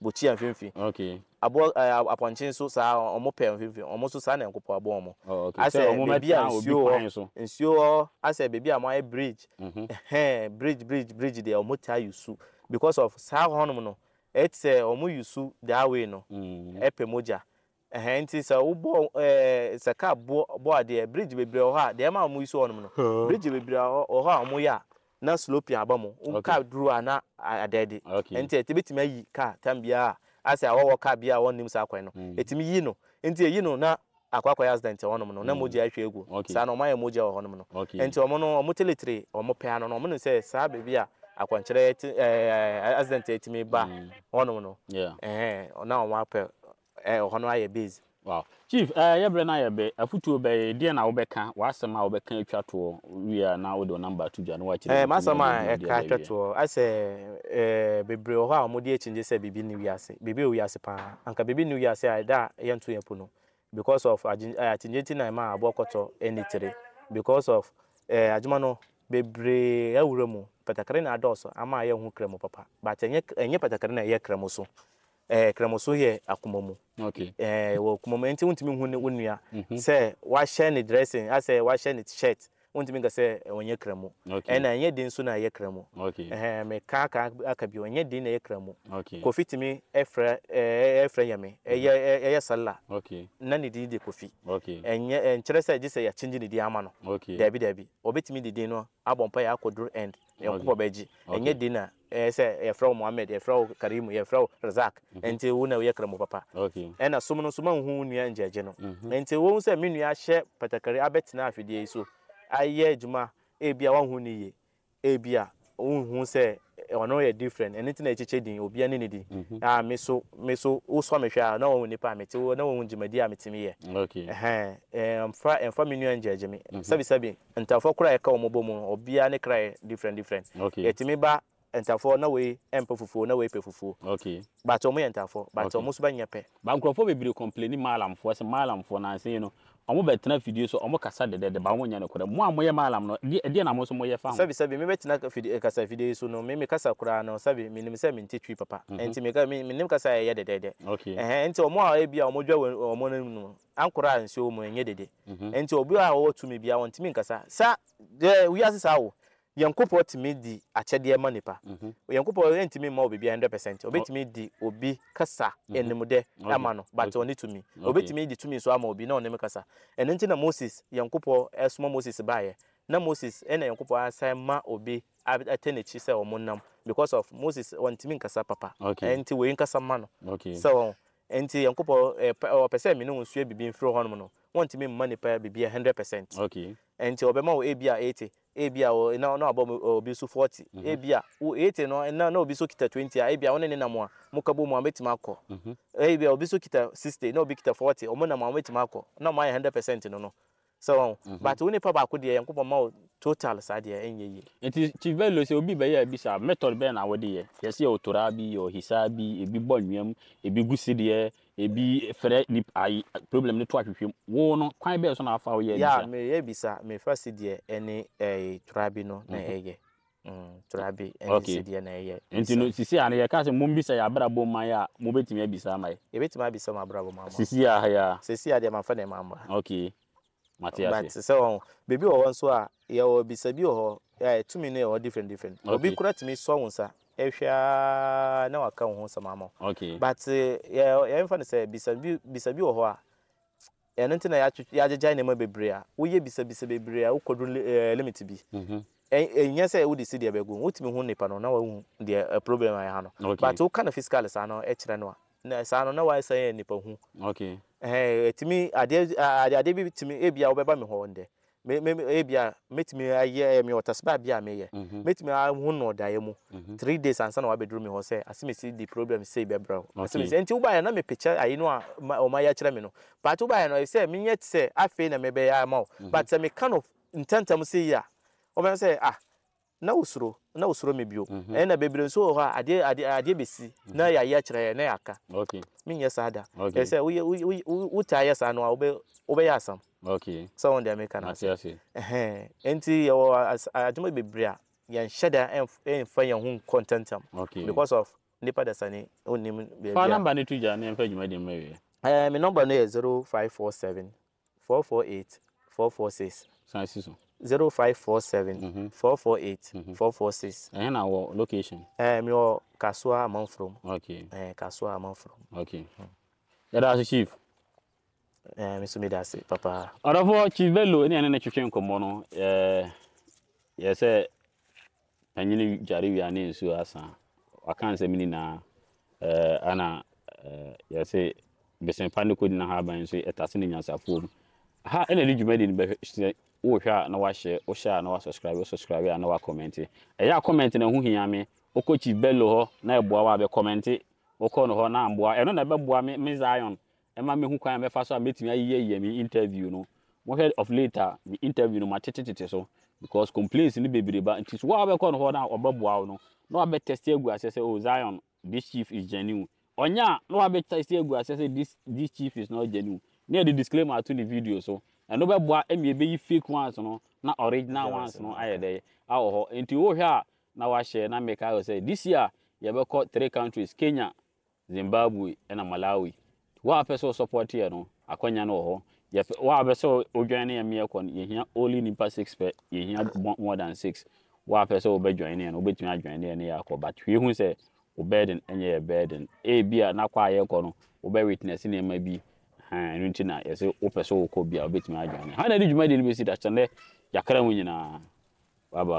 bokyia mfimfini aboɔ apɔnkye nso saa ɔmo pɛ mfimfini ɔmo nso saa na nyankopɔn abɔ ɔmo oh, asɛ beebi a nsuo hɔ nsuo hɔ asɛ beebi a mo ayɛ bridge mhm. bridge bridge bridge deɛ ɔmo taa yusu because of saa hɔnom no ɛte sɛ ɔmo yusu that way no mhm. ɛpɛ mogya ɛhɛn nti sɛ wobɔ ɛɛ sɛ bɔ bɔ adeɛ bridge bebree wɔ hɔ a deɛ ɛma wɔn yi so wɔ nom no bridge bebree wɔ hɔ a wɔn yɛ a na sloping aba mu wɔn kaa duro a na adɛɛde nti ɛte betumi ayi kaa tam biara asɛ awɔwɔ kaa biara a wɔn nim saa kwan no hmm. ɛtumi yi no nti eyi no na akwakɔ yɛ accident wɔ nom no na hmm. mogya ahwɛ egu saa na wɔn ayɛ mogya wɔ hɔ nom no nti wɔn no wɔn teletire wɔn pɛ ano no wɔn no sɛ saa beebi a akwankyerɛ ɛɛ accident ɛtumi ba hmm. hɔ nom no ɛhɛn na wɔn apɛ ɛhɔ eh, no ayɛ base wow chief ɛɛ eh, yɛ brɛ n'ayɛ bɛ afutuo bɛyɛ deɛ na wobɛka w'asɛm a wobɛka atwa toɔ wia na wode number ato dwa na eh, wakyerɛ ɛɛ m'asɛm a ɛka atwa toɔ asɛ ɛɛ bebree wɔ hɔ a wɔde akyinye sɛ biribi ne wiase biribi wɔ wiase paa anka biribi ne wiase a da yɛnto yɛn po no because of akyinye ti na ɛma aboɔ kɔtɔ ɛne tire because of ɛɛ adwuma no bebree ɛwura mu patakari na adɔɔso ama yɛn ho kra mu papa but ɛnyɛ ɛnyɛ patakari na ɛyɛ kra mu so eh, kramoso yɛ akomamu okay. eh, wɔ akomamu nti wontumi hu ne wo nua mhm. sɛ wahyɛ ne dressing asɛ wahyɛ ne shirt wontumi ka sɛ ɔnyɛ eh, kramo okay. ɛna ɛnyɛ den nso na ɛyɛ kramo okay. eh, meka aka, aka bi ɔnyɛ den na ɛyɛ kramo okay. kofi tumi ɛfrɛ eh, ɛfrɛ yɛme ɛyɛ mhm. ɛyɛ salla okay. na ne din de kofi okay. ɛnyɛ ɛnkyerɛ eh, sɛ gye sɛ yɛakyengye ne din ama no okay. daabi daabi ɔbɛtumi de den no abɔ mpa yɛ akɔdoro end ɛnkopɔ bɛgye ɛnyɛ den a Eh, sɛ yɛfrɛ wo mohamed yɛfrɛ wo karimu yɛfrɛ wo razak ɛnti mhm. wo na woyɛ kramo papa ɛna som no so manhu wo nnua ngyagye no ɛnti mhm. wohu sɛ me nua ahyɛ patakari abɛtena afidie yi so ayɛ adwuma ebia woahu no yie ebia wohu sɛ ɔno yɛ different ɛno nti na ɛkyekyɛ din obia ne ne din mhm. a ah, me so me so wosɔ me hwɛ a na wɔhu nipa a mete wo na wɔhu dwumadi a metumi yɛ ɛmfa eh, ɛmfa me nua ngyagye me sɛbisɛbi ntafoɔ kora a ɛka wɔ mɔbɔ mu no ne kra yɛ different different yɛtumi ba ntafoɔ na wei mpɛ fufuo na wei pɛ fufuo okay but ɔmo yɛ ntafoɔ but ɔmo nso bɛ nyɛ pɛ ba nkurɔfoɔ bebree complain maalamfoɔ sɛ maalamfoɔ nansi yi no ɔmo bɛ tena fidie so ɔmo kasa dɛdɛdɛ ba ɔmo nya no korɛ Mu a mo yɛ maalam no ɛdeɛ na mo so mo yɛ fa ho sɛbi sɛbi mi bɛ tena eh, kasa fidie so no mi mi kasa kura no sɛbi mi nim sɛ mi nti twi papa mhm. nti mi ka mi nim kasa yɛ dɛdɛdɛ okay ɛhɛn nti ɔmo a ebi a ɔmo dwa ɔmo no mu ankora nsuo mu ɛnyɛ dede mhm. nti obi a ɔwɔ tumi bi a ɔntumi nkasa sa ɛɛ eh, wiase saa wo yɛnkopɔn tumi di akyɛdeɛ ma nipa mhm. yɛnkopɔn yɛntumi ma obi bia 100 percent obɛtumi di obi kasa mhm. animdɛ ama no but ɔne tumi obɛtumi di tumi nso ama obi na ɔnem kasa ɛno nti na moses yɛnkopɔn ɛsoma eh, moses baeɛ na moses ɛna yɛnkopɔn asan ma obi ɛtɛ n'akyi sɛ ɔmo nam because of moses wɔntumi nkasa papa ɛnti wei nkasa ma no sɛ wɔn nti yɛnkopɔn eh, ɔpɛ sɛ mene wo nsua biribi mfiri hɔnom no wɔntumi mma nipa biribi 100 percent nti ɔbɛma wo ebi a 80 ebi a na na abɔ obi so 40 mhm. ebi wo 80 no na na obi so kita 20 a ebi a wone ne nam a muka bo mu abetima akɔ mhm. ebi a obi so kita 60 na obi kita 40 ɔmo nam a abetima akɔ na mo ayɛ 100% no no so mm-hmm. but wo nipa baako deɛ yankopɔn ma wo total saa deɛ ɛnyɛ yi. nti chief bello sɛ obi bɛyɛ ebi sa method bɛyɛ na wɔde yɛ yɛsɛ yɛ otora bi yɛ ɔhisa bi ebi bɔ nnua ebi gusi si deɛ ebi fɛrɛ ni ayi problem ne to ahwehwɛ mu wo no kwan bɛyɛ so na afa wo yɛ ebisa. yaa mɛ yɛ bisa mɛ fɛ si deɛ ɛne ɛɛ tora bi no na ɛyɛ tora bi ɛne si deɛ na ɛyɛ. nti no sisi a yɛ kaa sɛ mo bisa yɛ abrabɔ man yɛ a mo bɛtumi abisa ama yɛ. yɛbɛtumi abisa mo abrabɔ man ma. sisi a yɛ. sisi a deɛ ma fɛ ne ma ma. okay. But so, baby, baabi wɔ hɔ nso a yɛwɔ bisa bi wɔ hɔ tumi no yɛwɔ different different obi kora tumi sɔ wo nsa ɛhwɛ a na waka wo ho nsɛm ama but yɛmfa no sɛ bisa bi wɔ hɔ a ɛno nti na yɛagyegyae nnoɔma bebree a woyɛ bisabisa bebree a wokɔdu limit bi ɛnyɛ sɛ wode si deɛ bɛgu wotumi ho nipa no na wahu deɛ problem ayɛ ha no but woka no fiscal saa no ɛkyerɛ no a saa no na waɛsɛ yɛ nipa hu ɛtumi adeɛ adeɛ bi tumi ebi a wɔbɛba mi hɔ ndɛ me me ebi a metumi ayɛ mi ɔtasiba bi a meyɛ mhm. metumi ahu na ɔdaeɛ mu mhm. three days ansa na wabɛduru mi hɔ sɛ asemi si di problem sei bɛbrɛ o asemi si nti wubaayɛ na mi picture ayi no a ɔmo ayɛ kyerɛ mi no paati wubaayɛ no sɛ mi nyɛ sɛ afei na mi bɛyɛ ama o mhm. but sɛ mi kind of ntɛntɛm si yɛ a ɔbɛn sɛ ah na wosoro na wosoro mi bio mhm. ɛna bebree nso wɔ hɔ a adeɛ adeɛ adeɛ besi mhm. na yɛayɛ akyerɛ yɛ na yɛaka mi nyɛ saa da ɛsɛ woyɛ woyɛ wotaa yɛ saa no a wobɛ wobɛyɛ asam sɛ wɔn deɛ meka na ase ɛhɛn nti yɛwɔ adwuma bebree a yɛn hyɛ da ɛnfa yɛn ho nkɔntɛntɛm because of nipa dasa ni onim beebi a fa namba ne tu gya ne nfa dwuma de mma wie ɛɛ mi nɔmba no yɛ zero five four seven four four eight four four six. san si so zero five four seven mm-hmm. four four eight mm-hmm. four four six. ẹ̀yin eh, na wọ location. ẹ eh, mi wọ Kasua Amanfrom. Eh, okay ẹ Kasua Amanfrom. okay yàrá aṣọ chief. ẹ mi sún mi dà sí papa. ọ̀dọ́fọ́ chief Bello ẹni ẹni twitwe nkɔmmɔ no yɛ sɛ panyini gyare wia ne nsuo asan waka nsɛm na. ana yɛ sɛ bɛsɛn pa ne kɔ nyina ha aban nso ɛtase ne nyansafoɔ mu ha ɛna ne dwuma de ne bɛhwɛ wohwɛ a na wahyɛ wohyɛ a na wasubscribe wosubscribe a na wakɔmmɛnte ɛyɛ a kɔmmɛnte na ho hia me wokɔ kyi bello hɔ na ɛboa wo a bɛkɔmmɛnte wokɔ no hɔ na amboa ɛno na ɛbɛboa me me zion ɛma mehu kwan bɛfa so a mɛtumi ayiyɛyiyɛ me interview no mohwɛ of later me interview no matetetete so because complaints no bebree ba nti so wo a wobɛkɔ no hɔ na ɔbɛboa wo no na wabɛtɛste agu asɛ sɛ oh zion this chief is genuine ɔnyɛ a na wabɛtɛste agu asɛ sɛ this chief is not genuine na yɛde disclaimer ato ne video so ɛno bɛboa ɛmi ɛbɛyi fake ones no na original yeah, ones no ayɛ dɛ awɔ hɔ nti wohwɛ a na wahyɛ na mmeka ayɔ sɛ this year yɛbɛkɔ three countries kenya zimbabwe ɛna malawi wa apɛ sɛ ɔsupport yɛ no akɔnya no wɔ hɔ yɛpɛ wa apɛ sɛ ɔdwan ne yɛmi ɛkɔ no yɛhia only nipa six pɛ yɛhia more than six wa apɛ sɛ ɔbɛdwan ne yɛ no ɔbɛtumi adwan ne yɛ ne yɛ akɔ but hwee hu sɛ ɔbɛɛden ɛnyɛ yɛ bɛɛden ebi a nakɔ ayɛ kɔ no ɔbɛ witness nneɛma bi Eh, ɛno nti na yɛsɛ wopɛ sɛ wokɔ bia wobɛtumi adwane ha na de dwuma de no bɛsi dakyɛn dɛ yɛakra mu nyinaa baba